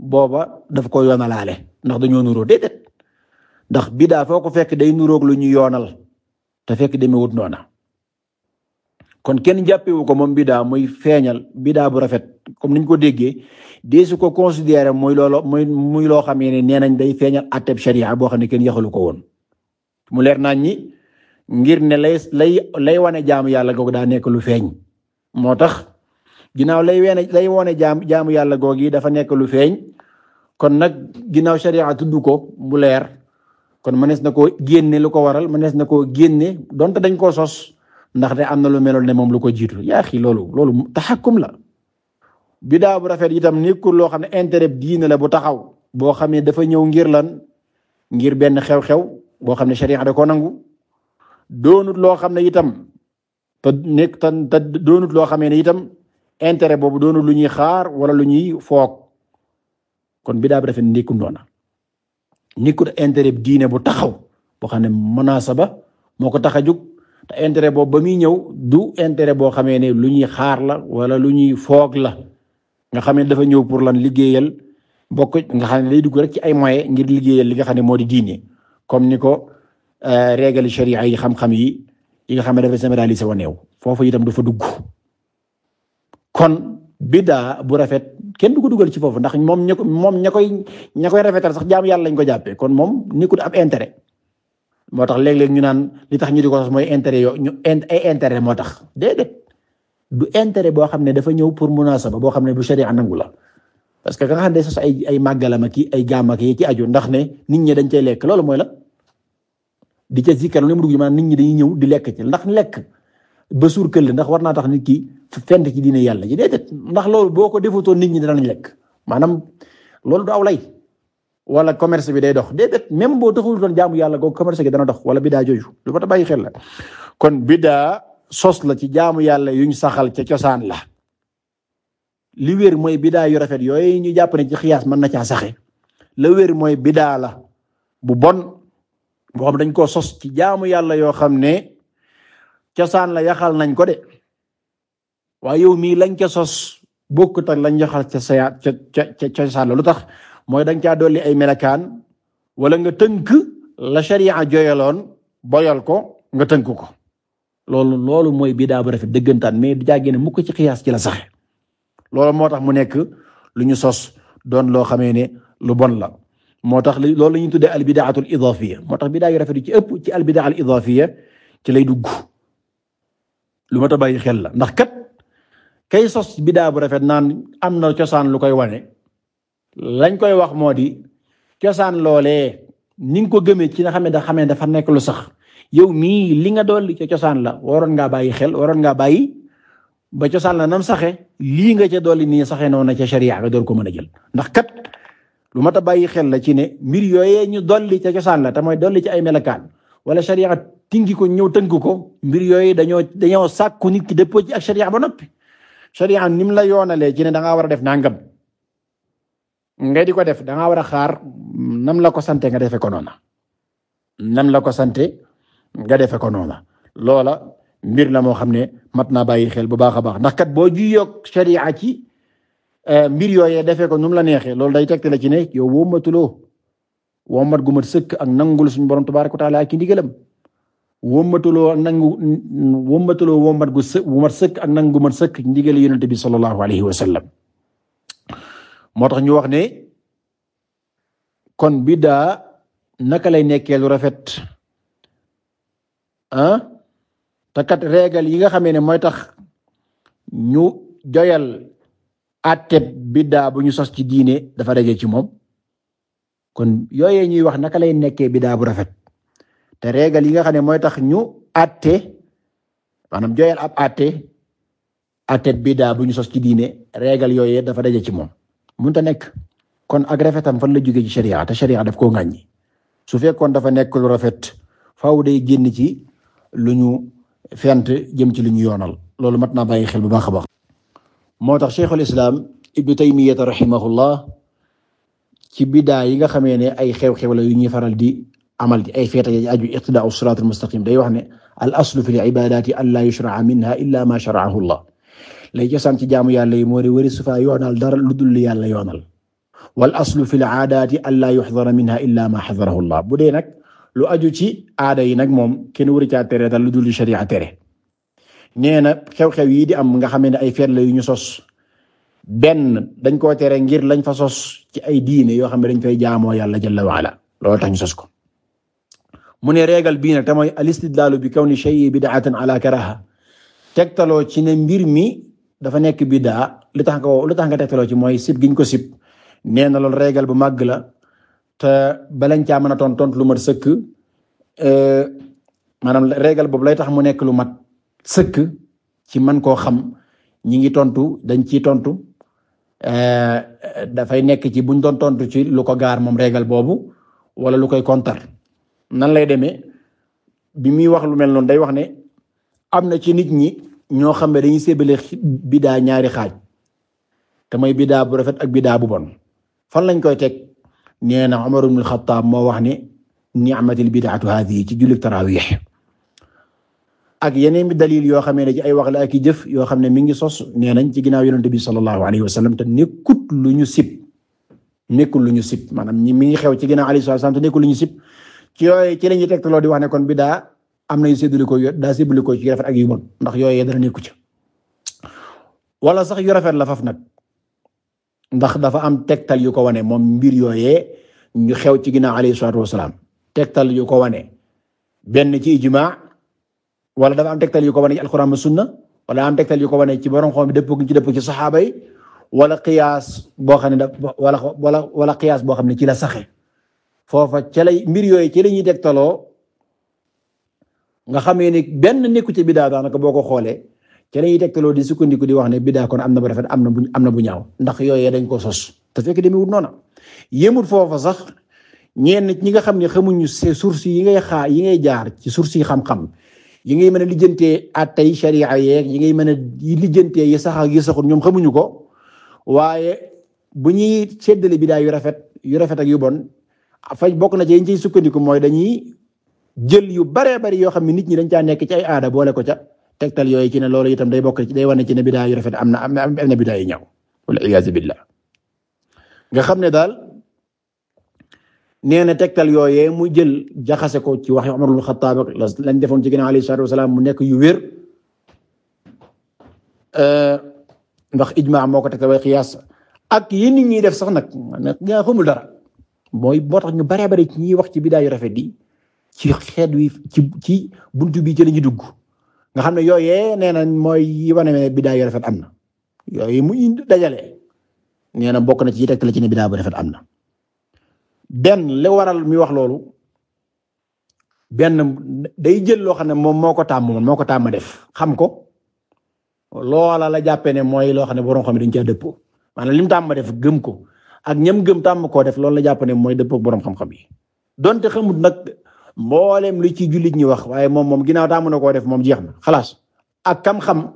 booba daf ko yoonalaale ndax dañoo nuróo déedéet ndax bidaa foo ko fekk day nuróog lu ñu yoonal te fekk demewut noona kon kenn jàppewu ko moom bidaa muy feeñal bidaa bu rafet comme niñ ko déggee deesu ko considéré muy loolo muy muy loo xam ne nee nañ day feeñal atteb sharia boo xam ne kenn yaxalu ko woon mu leer nañ ñi ngir ne lay lay lay wane jaamu yàlla googu daa nekk lu feeñ moo tax ginnaaw lay wene lay wone jaam jaamu yàlla googu yi dafa nekk lu feeñ kon nag ginnaaw sharia tudd ko bu leer kon mënees na koo génne lu ko waral mënees na koo génne donte dañ koo sos te am na lu meloon ne moom lu ko jiitu yaa xi loolu loolu taxakum la bidaa bu rafet itam nekkul loo xam ne intérêt diine la bu taxaw boo xam ne dafa ñëw ngir lan ngir benn xew-xew boo xam ne sharia da ko nangu doonut loo xam ne itam te nekk te doonut loo xamee ne itam intérêt boobu doonut lu ñuy xaar wala lu ñuy foog kon bidaa bu rafet nekkul noona nekkul intérêt diine bu taxaw boo xam ne munasaba moo ko tax a jóg te intérêt boobu ba muy ñëw du intérêt boo xamee ne lu ñuy xaar la wala lu ñuy foog la nga xam ne dafa ñëw pour lan liggéeyal bokk nga xam ne day dugg rek ci ay moyens ngir liggéeyal li nga xam ne moo di diine comme ni ko euh, régal sharia yi xam yi yi nga xam ne dafa généraliser foofu itam dafa dugg kon biddaa bu rafet kenn du ko dugal ci foofu ndax moom ña ko moom ña koy ña koy rafetal sax jaamu yàlla lañ ko jàppee kon moom nekkul ab intérêt moo tax léeg ñu naan li tax ñu di ko sos mooy intérêt yoo ñu ay intérêt moo tax déedéet du intérêt boo xam ne dafa ñëw pour munasaba boo xam ne du sharia nangu la parce que ka nga xam ne sax ay ay màggalam ak ay gaam ak yi ci aju ndax ne nit ñi dañ cay lekk loolu mooy la di ca zikkar lu mu dugg maanaam nit ñi dañuy ñëw di lekk ci ndax lekk ba suur këll ndax war naa tax nit ki fent ci diine yàlla ji déedéet ndax loolu boo ko defutoon nit ñi danañ lekk maanaam loolu du aw lay wala commerce bi day dox déedéet même boo taxul doon jaamu yàlla googu commerce gi dana dox wala bidaa jooju lu ma ta bàyyi xel la kon bidaa sos la ci jaamu yàlla yuñ saxal ca cosaan la li wér mooy bidaa yu rafet yooyu ñu jàpp ne ci xiyaas mën na caa saxe la wér mooy bidaa la bu bon boo xam dañ ko sos ci jaamu yàlla yoo xam ne cosaan la yaxal nañ ko de waaye yow mii lañ ca sos bokkut ak lañ yaxal ca sayaat ca ca cosaan la lu tax mooy dañ caa dolli ay melakaan wala nga tënk la sharia joyaloon boyal ko nga tënk ko loolu loolu mooy bidaa bu rafet dëggantaan mais du jàggee mukk ci xiyaas ci la saxe loolu moo tax mu nekk lu ñu sos doon loo xamee ne lu bon la moo tax loolu la ñuy tuddee al bidaatul idaafiya moo tax bidaa yu rafet ci ëpp ci al bidaa al idaafiya ci lay dugg lu mat a bàyyi xel la ndax kat kay sos bidaa bu rafet naan am na cosaan lu koy wane lañ koy wax moo di cosaan loole ni nga ko gëmee ci nga xam ne da xamee dafa nekk lu sax yow mii li nga dolli ca cosaan la waroon ngaa bàyyi xel waroon ngaa bàyyi ba cosaan la nam saxe lii nga ca dolli nii saxe noonu ca sharia nga door ko mën a jël ndax kat lu mat a bàyyi xel la ci ne mbir yooyee ñu dolli ca cosaan la te mooy dolli ci ay melakaan wala sharia tingi ko ñëw tënk ko mbir yooyu dañoo dañoo sàkku nit ki dëppoo ci ak sharia ba noppi sharia nim la yoonalee ci ne da ngaa war a def nangam nga di ko def danga ngaa war a xaar nam la ko sante nga defe ko noona nam la ko sante nga defe ko noona loola mbir la moo xam ne mat naa bàyyi xel bu baax a baax ndax kat boo juyoog sharia ci euh, mbir yooyee defee ko nu la neexee loolu day tegte la ci ne yow wommatuloo wommat gu mat sëkk ak nangul suñu borom tabaaraka wa taala ak ci ndigalam wommatuloo ak nangu wommatuloo wommat gu së sëkk ak nangu gu mat sëkk ndigal yonente bi sallallahu alayhi wa sallam moo tax ñu wax ne kon biddaa naka lay nekkee lu rafet ah te kat régal yi nga xamee ne mooy tax ñu joyal atteb biddaa bu ñu sos ci diine dafa daje ci moom kon yooyee ñuy wax naka lay nekkee biddaa bu rafet te régal yi nga xam ne mooy tax ñu atte maanaam joyal ab atte atteb biddaa bu ñu sos ci diine régal yooyee dafa daje ci moom mënut a nekk kon ak rafetam fan la jógee ci sharia te sharia daf koo ŋàññi su fekkoon dafa nekk rafet faaw day génn ci lu ñu fent jëm ci lu ñu yoonal loolu mat naa bàyyi xel bu baax a baax moo tax cheikhul islam ibnu taymiyata rahimahullah ci bidaa yi nga xamee ne ay xew-xew la yu ñuy faral di amal ci ay feeta ya aju iqtidaa'u siraatal mustaqim day wax ne al aslu fi l ibadaati an laa yushra'a minha illa ma shara'ahu llah lay cosaan ci jaamu yàlla yi moo di wari su faa yoonal dara lu dul yàlla yoonal wal aslu fi l aadaati an laa yuxdara minha illa ma xadarahu llah bu dee nag lu aju ci aada yi nag moom kenn wari caa tere dal lu dul sharia tere nee na xew-xew yi di am nga xam ne ay feet la yu ñu sos benn dañ koo tere ngir lañ fa sos ci ay diine yoo xam ne dañ fay jaamoo yàlla jalla waala loolu tax ñu sos ko mu ne régal bii nag te mooy al istidlaalu bi kawni shay'in bid'atan ala karaha tegtaloo ci ne mbir mi dafa nekk biddaa li tax nga lu tax nga tegtaloo ci mooy sib giñ ko sib nee na loolu régal bu màgg la balañ caa mën a tont tont lu mat sëkk euh, maanaam régal boobu lay tax mu nekk lu mat sëkk ci man koo xam ñi ngi tontu dañ ciy tontu euh, dafay nekk ci buñ doon tontu ci lu ko gaar moom régal boobu wala lu koy kontar nan lay demee bi muy wax lu mel noonu day wax ne am na ci nit ñi ñoo xam ne dañuy sébale bidaa ñaari xaaj te mooy bidaa bu rafet ak bidaa bu bon fan lañ koy teg nee na Umar ibn al moo wax ne ni'matil bid'atu hadhihi ci jullit tarawih ak yeneen bi dalil yoo xamee ne ci ay wax la ak i jëf yoo xam ne mi ngi sos nee nañ ci ginnaaw yonent bi sallallahu alayhi wa sallam te nekkut lu ñu sib nekkul lu ñu sib maanaam ñi mi ngi xew ci gina alayhi salaam te nekkul lu ñu sib ci yooyu ci lañuy tegtaloo di wax ne kon bi daa am nañu séddale ko daa séddale ko ci rafet ak yu bon ndax yooyu dara nekku ci wala sax yu rafet la faf nag ndax dafa am tegtal yu ko wane moom mbir yooyee ñu xew ci ginnaaw alayhi salaatu wasalaam tegtal yu ko wane benn ci ijmaa wala dafa am tegtal yu ko wane ci alxuraan sunna wala am tegtal yu ko wane ci borom xoom bi ci dëpp ci saxaaba yi wala qiyaas boo xam ne da wala wala wala boo xam ne ci la saxe foofa ca lay mbir yooyu ci la ñuy tegtaloo nga xamee ni benn nekku ci bidaa daanaka boo ko xoolee cere ca lañuy tegtaloo di sukkandiku di wax ne biddaa kon am na bu rafet am na bu am na bu ñaaw ndax yooy dañ ko sos te fekk demewut noona yëmut foofa sax ñenn ñi nga xam ne xamuñu ces sources yi ngay xaa yi ngay jaar ci sources yi xam-xam yi ngay mën a lijjantee attay sharia yeeg yi ngay mën a lijjantee yi sax ak saxut ñoom xamuñu ko waaye bu ñuy seddale biddaa yu rafet yu rafet ak yu bon faj bokk na ci yiñ ciy sukkandiku mooy dañuy jël yu baree bari yoo xam ne nit ñi dañ caa nekk ci ay aada boole ko ca tegtal yooyu ci ne loolu itam day bokk day wane ci ne bidaa yu am na am na am na bidaa yu ñaaw wal iyaazu billah nga xam ne daal nee na tegtal yooyee mu jël jaxase ko ci wax Umar ibn Xattaab ak lañ defoon ci ginnaaw alayhi salaatu mu nekk yu wér ndax ijmaa moo ko tegtal qiyaas ak yi nit ñi def sax nag nga xamul dara mooy boo tax ñu baree bari ci ñiy wax ci bidaa yu rafet yi ci xeet wi ci ci buntu bi ci lañu dugg nga xam ne yooyee nee na mooy yi wane ne biddaa yu rafet am na yooyu mu dajale nee na bokk na ci tegtal ci ne biddaa bu rafet am na. benn li waral mi wax loolu benn day jël loo xam ne moom moo ko tàmm moo ko tàmm def xam ko loola la jàppee ne mooy loo xam ne borom xam ne dañ caa dëppoo maanaam lim tàmm def gëm ko ak ñam gëm tàmm koo def loolu la jàpp ne mooy dëppoo borom xam-xam yi donte xamut nag. mboolem lu ci jullit ñi wax waaye moom moom ginnaaw daa mën a koo def moom jeex na xalaas ak kam xam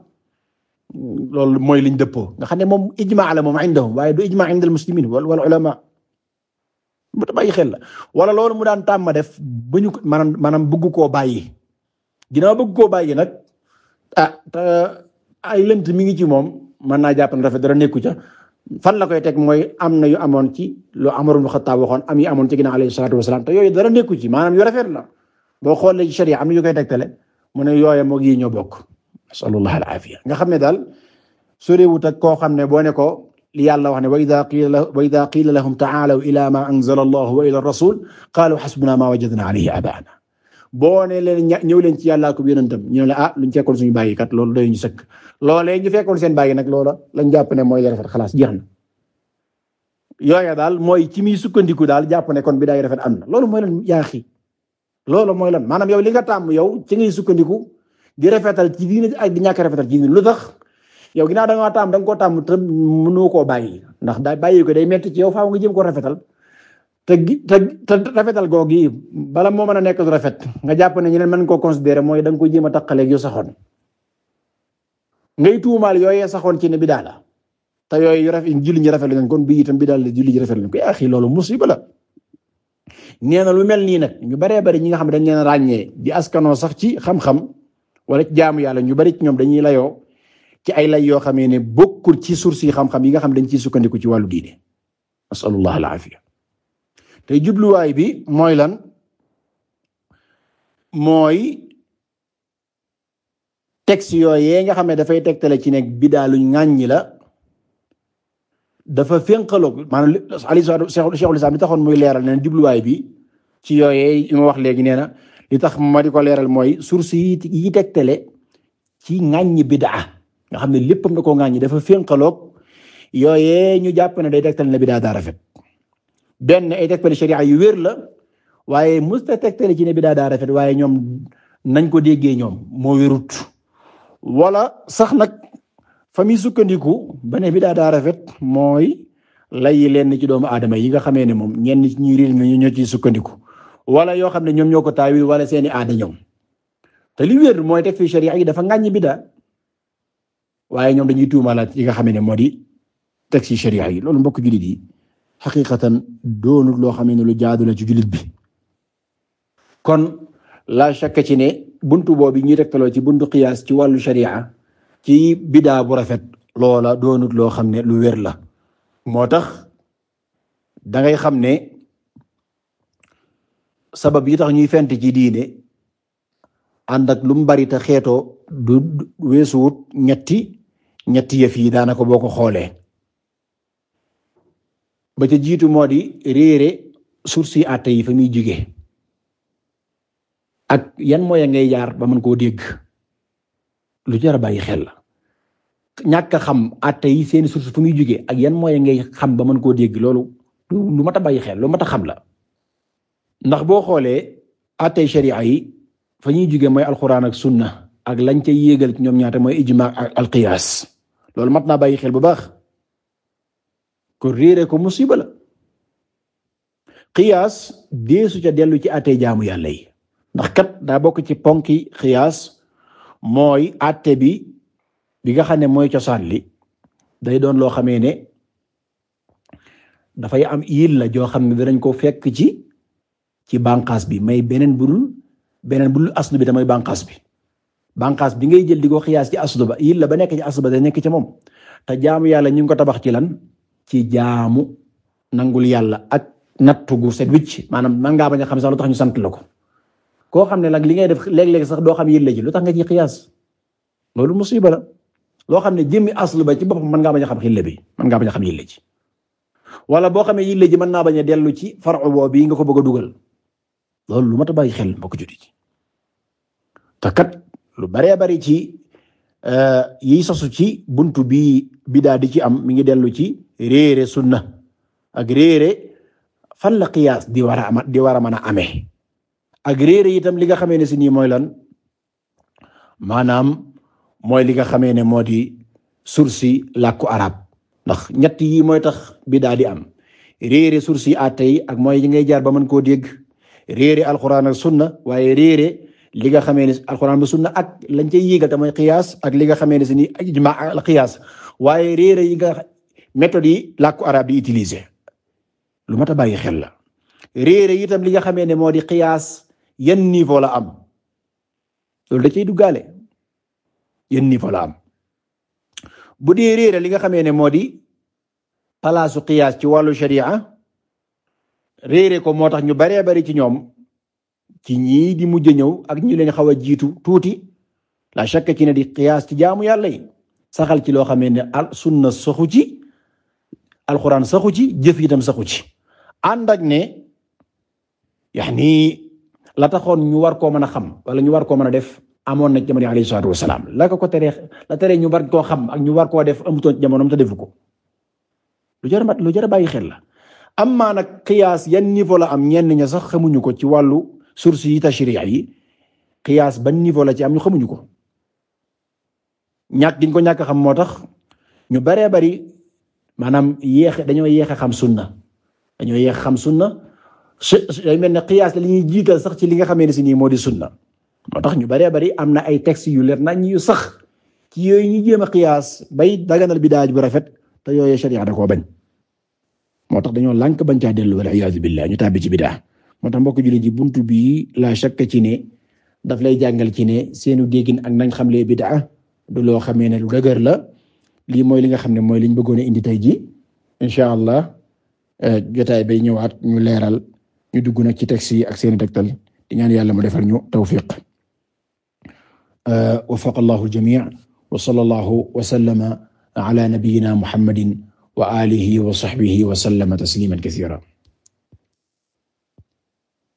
loolu mooy liñ dëppoo nga xam ne moom ijmaa la moom indahum waaye du ijmaa indal muslimin wal wal ulama bu bàyyi la wala lool mu daan tàmm def ba ñu maanaam maanaam bëgg koo bàyyi ginnaaw bëgg koo bàyyi nag ah a lënt mi ngi ci moom mën naa jàpp ne rafet dara nekku ca fan la koy teg mooy am na yu amoon ci lu Umar ibn Xattaab waxoon am yu amoon ci ginnaaw alayhi salaatu wasalaam te yooyu dara nekku ci maanaam yu rafet la boo xoolee ci sharia am na yu koy tegtale mu ne yooya moog yi ñoo bokk nasalullah al afiya nga xam ne daal soriwut ak koo xam ne boo ne ko li yàlla wax ne wa ida qiila wa ida qiila lahum taalaw ila ma anzala allah wa ila rasul qaalu xasbuna ma wajadna alayhi abaana boo ne leen ñëw leen ci yàllaa ko yonentam ñu ne la ah luñ fekkoon suñu bàyyi kat loolu doy ñu sëkk loolee ñu fekkoon seen bàyyi nag loola lañ jàpp ne mooy rafet xalaas jeex na yooya daal mooy ci muy sukkandiku daal jàpp ne kon bi daay rafet am na loolu mooy lan yaa xii loolo mooy lan maanaam yow li nga tàmm yow ci ngay sukkandiku di rafetal ci diine ak di ñàkk rafetal ci lu tax yow ginnaaw da nga tàmm da nga koo tàmm te mënoo koo bàyyi ndax daay bàyyi ko day metti ci yow faaw nga jëm ko rafetal te te te rafetal googu yi bala moo mën a nekk du rafet nga jàpp ne ñeneen mën koo considérer mooy da ko jéem a taqaleeg yow saxoon ngay tuumaal yooyee saxoon ci ne bidaa la te yooyu rafet julli ñi rafetlu nañ kon bii tam bidaa la julli ñi rafetlu nañ ko axi loolu musiba la na lu mel nii nag ñu baree bari ñi nga xam ne dañ leen ràññee di askanoo sax ci xam-xam wala ci jaamu yàlla ñu bari ci ñoom dañuy layoo ci ay lay yoo xamee ne bokkul ci source yi xam-xam yi nga xam dañ ciy sukkandiku ci wàllu diine asalullah alaafiya tey jubluwaay bi mooy lan mooy texte yooyee nga xam ne dafay tegtale ci nekk bidaa lu ŋàññi la dafa fénqaloog maanaam ali cheikhul islam li taxoon muy leeral nee na jubluwaay bi ci yooyee yi ma wax léegi nee na li tax ma di ko leeral mooy source yi yi tegtale ci ŋàññi bidaa nga xam ne léppam da koo ŋàññi dafa fénqaloog yooyee ñu jàpp ne day tegtale ne bidaa daa rafet benn ay tegtale sharia yu wér la waaye musta tegtale ci ne bidaa daa rafet waaye ñoom nañ ko déggee ñoom moo wérut wala sax nag fa muy sukkandiku ba ne bidaa daa rafet mooy layi leen ci doomu adama yi nga xamee ne moom ñenn ñi réer nañu ñoo ciy sukkandiku wala yoo xam ne ñoom ñoo ko taawil wala seeni aada ñoom te li wér mooy teg fi sharia yi dafa ngàññi bidaa waaye ñoom dañuy tuumalaat yi nga xamee ne moo di teg ci sharia yi loolu mbokk jullit yi xaqiqatan doonul loo xamee ne lu jaadu la ci jullit bi kon la shakka ci buntu boobu ñuy tegtaloo ci buntu qiyaas ci wàllu sharia ci bidaa bu rafet loola doonut loo xam ne lu wér la moo tax dangay xam ne sabab yi tax ñuy fent ci diine ànd ak lu mu bari te xeetoo du weesuwut ñetti ñetti yëf yi daanaka boo ko xoolee ba ca jiitu moo di réere source yi àtte yi fa muy jóge ak yan mooy ngay jaar ba mën koo dégg lu jar a bàyyi xel la ñàkk xam atte seeni suuf source fu muy jugee ak yan mooy ngay xam ba mën koo dégg loolu lu mat a bàyyi xel lu mat a xam la ndax boo xoolee atte yi fa ñuy jugee mooy alxuraan ak sunna ak lañ ca yéegal ci ñoom ñaata mooy ijma ak loolu mat naa bàyyi xel bu baax kon réere ko musiba la qiyaas deesu ca dellu ci atte jaamu yàlla yi ndax kat daa bokk ci ponki xiyaas mooy àtte bi bi nga xam ne mooy cosaan li day doon loo xamee ne dafay am il la joo xam ne danañ ko fekk ci ci bànqaas bi may beneen budul beneen budul aslu bi damay bànqaas bi bànqaas bi ngay jël di ko xiyaas ci aslu ba il ba nekk ci aslu ba da nekk ci moom te jaamu yàlla ñu ngi ko tabax ci lan ci jaamu nangul yàlla ak nattu gu set wicc maanaam man ngaa xam sax lu tax ñu sant la ko koo xam ne nag li ngay def léeg-léeg sax doo xam yële ji lu tax nga ci xiyaas loolu musiba la loo xam ne jëmmi aslu ba ci boppam mën ngaa bañ a xam xille bi man ngaa bañ a xam yële ji wala boo xamee yële ji mën naa bañ a dellu ci faru boo bii nga ko bëgg dugal loolu lu mat a bàyyi xel mbokk judi ci te kat lu baree bari ci eh, yiy sosu ci buntu bi bidaa di ci am mi ngi dellu ci réere sunna ak réere fan la xiyaas di war a di war a mën a amee ak réere itam li nga xamee ne si nii mooy lan maanaam mooy li nga xamee ne moo di sursi làkku arab ndax ñett yi mooy tax bidaa di am réere sursi àtte yi ak mooy yi ngay jaar ba mën koo dégg réere alxuraan ak sunna waaye réere li nga xamee ne alxuraan ba sunna ak lañ cay yéegal te mooy xiyaas ak li nga xamee ne si nii ijma al xiyaas waaye réere yi nga méthodes yi làkku arab yi utilisé lu mat a xel la réere itam li xamee ne moo di yenn niveau la am loolu da cay duggaale yan niveau la am bu dee réere li nga xamee ne moo di palaasu qiyaas ci wàllu sharia réere ko moo tax ñu baree bari ci ñoom ci ñii di mujj ñëw ak ñu leen xaw a jiitu tuuti la chaque ci ne di qiyaas ci jaamu yàlla yi saxal ci loo xamee ne sunna saxu ci alxuraan saxu ci jëf yi itam saxu ci ànd ak ne yaani la taxoon ñu war koo mën a xam wala ñu war koo mën a def amoon na ci jamono alayhi salaatu wasalaam la ko ko teree la teree ñu war koo xam ak ñu war koo def amutoon ci jamonoom te defu ko lu jar mat lu jar bàyyi xel la amma nag qiyaas yan niveau la am ñenn ña sax xamuñu ko ci wàllu source yi tashri'i yi qiyaas ban niveau la ci am ñu xamuñu ko ñàkk giñ ko ñàkk xam moo tax ñu baree bari maanaam yéex dañoo yéex a xam sunna dañoo yéex xam sunna day mel ne xiyaas la li ñuy jiital sax ci linga nga xamee ne si nii moo di sunna moo tax ñu bëree bari am na ay textes yu leer na yu sax ci yooyu ñu jéem a bay bay daganal bidaa bu rafet te yooyu sharia da ko bañ moo tax dañoo lànk bañ caa dellu wal iyaazu billah ñu tàbbi ci bidaa moo tax mbokk jullit ji buntu bii la shakka ci ne daf lay jàngal ci ne seenu déggin ak nañ xamlee bidaa du loo xamee ne lu dëgër la lii mooy li nga xam ne mooy liñ bëggoon indi tey ji incha allah eh, jotaay bay ñëwaat ñu leeral ñu dugg nag ci texte yi ak seeni tegtal di ñaan yàlla mu defal ñu tawfiq euh, wafaqa allahu aljamii wa sallallahu wa sallama ala nabiyyina muhammadin wa alihi wa sahbihi wa sallama tasliman kathira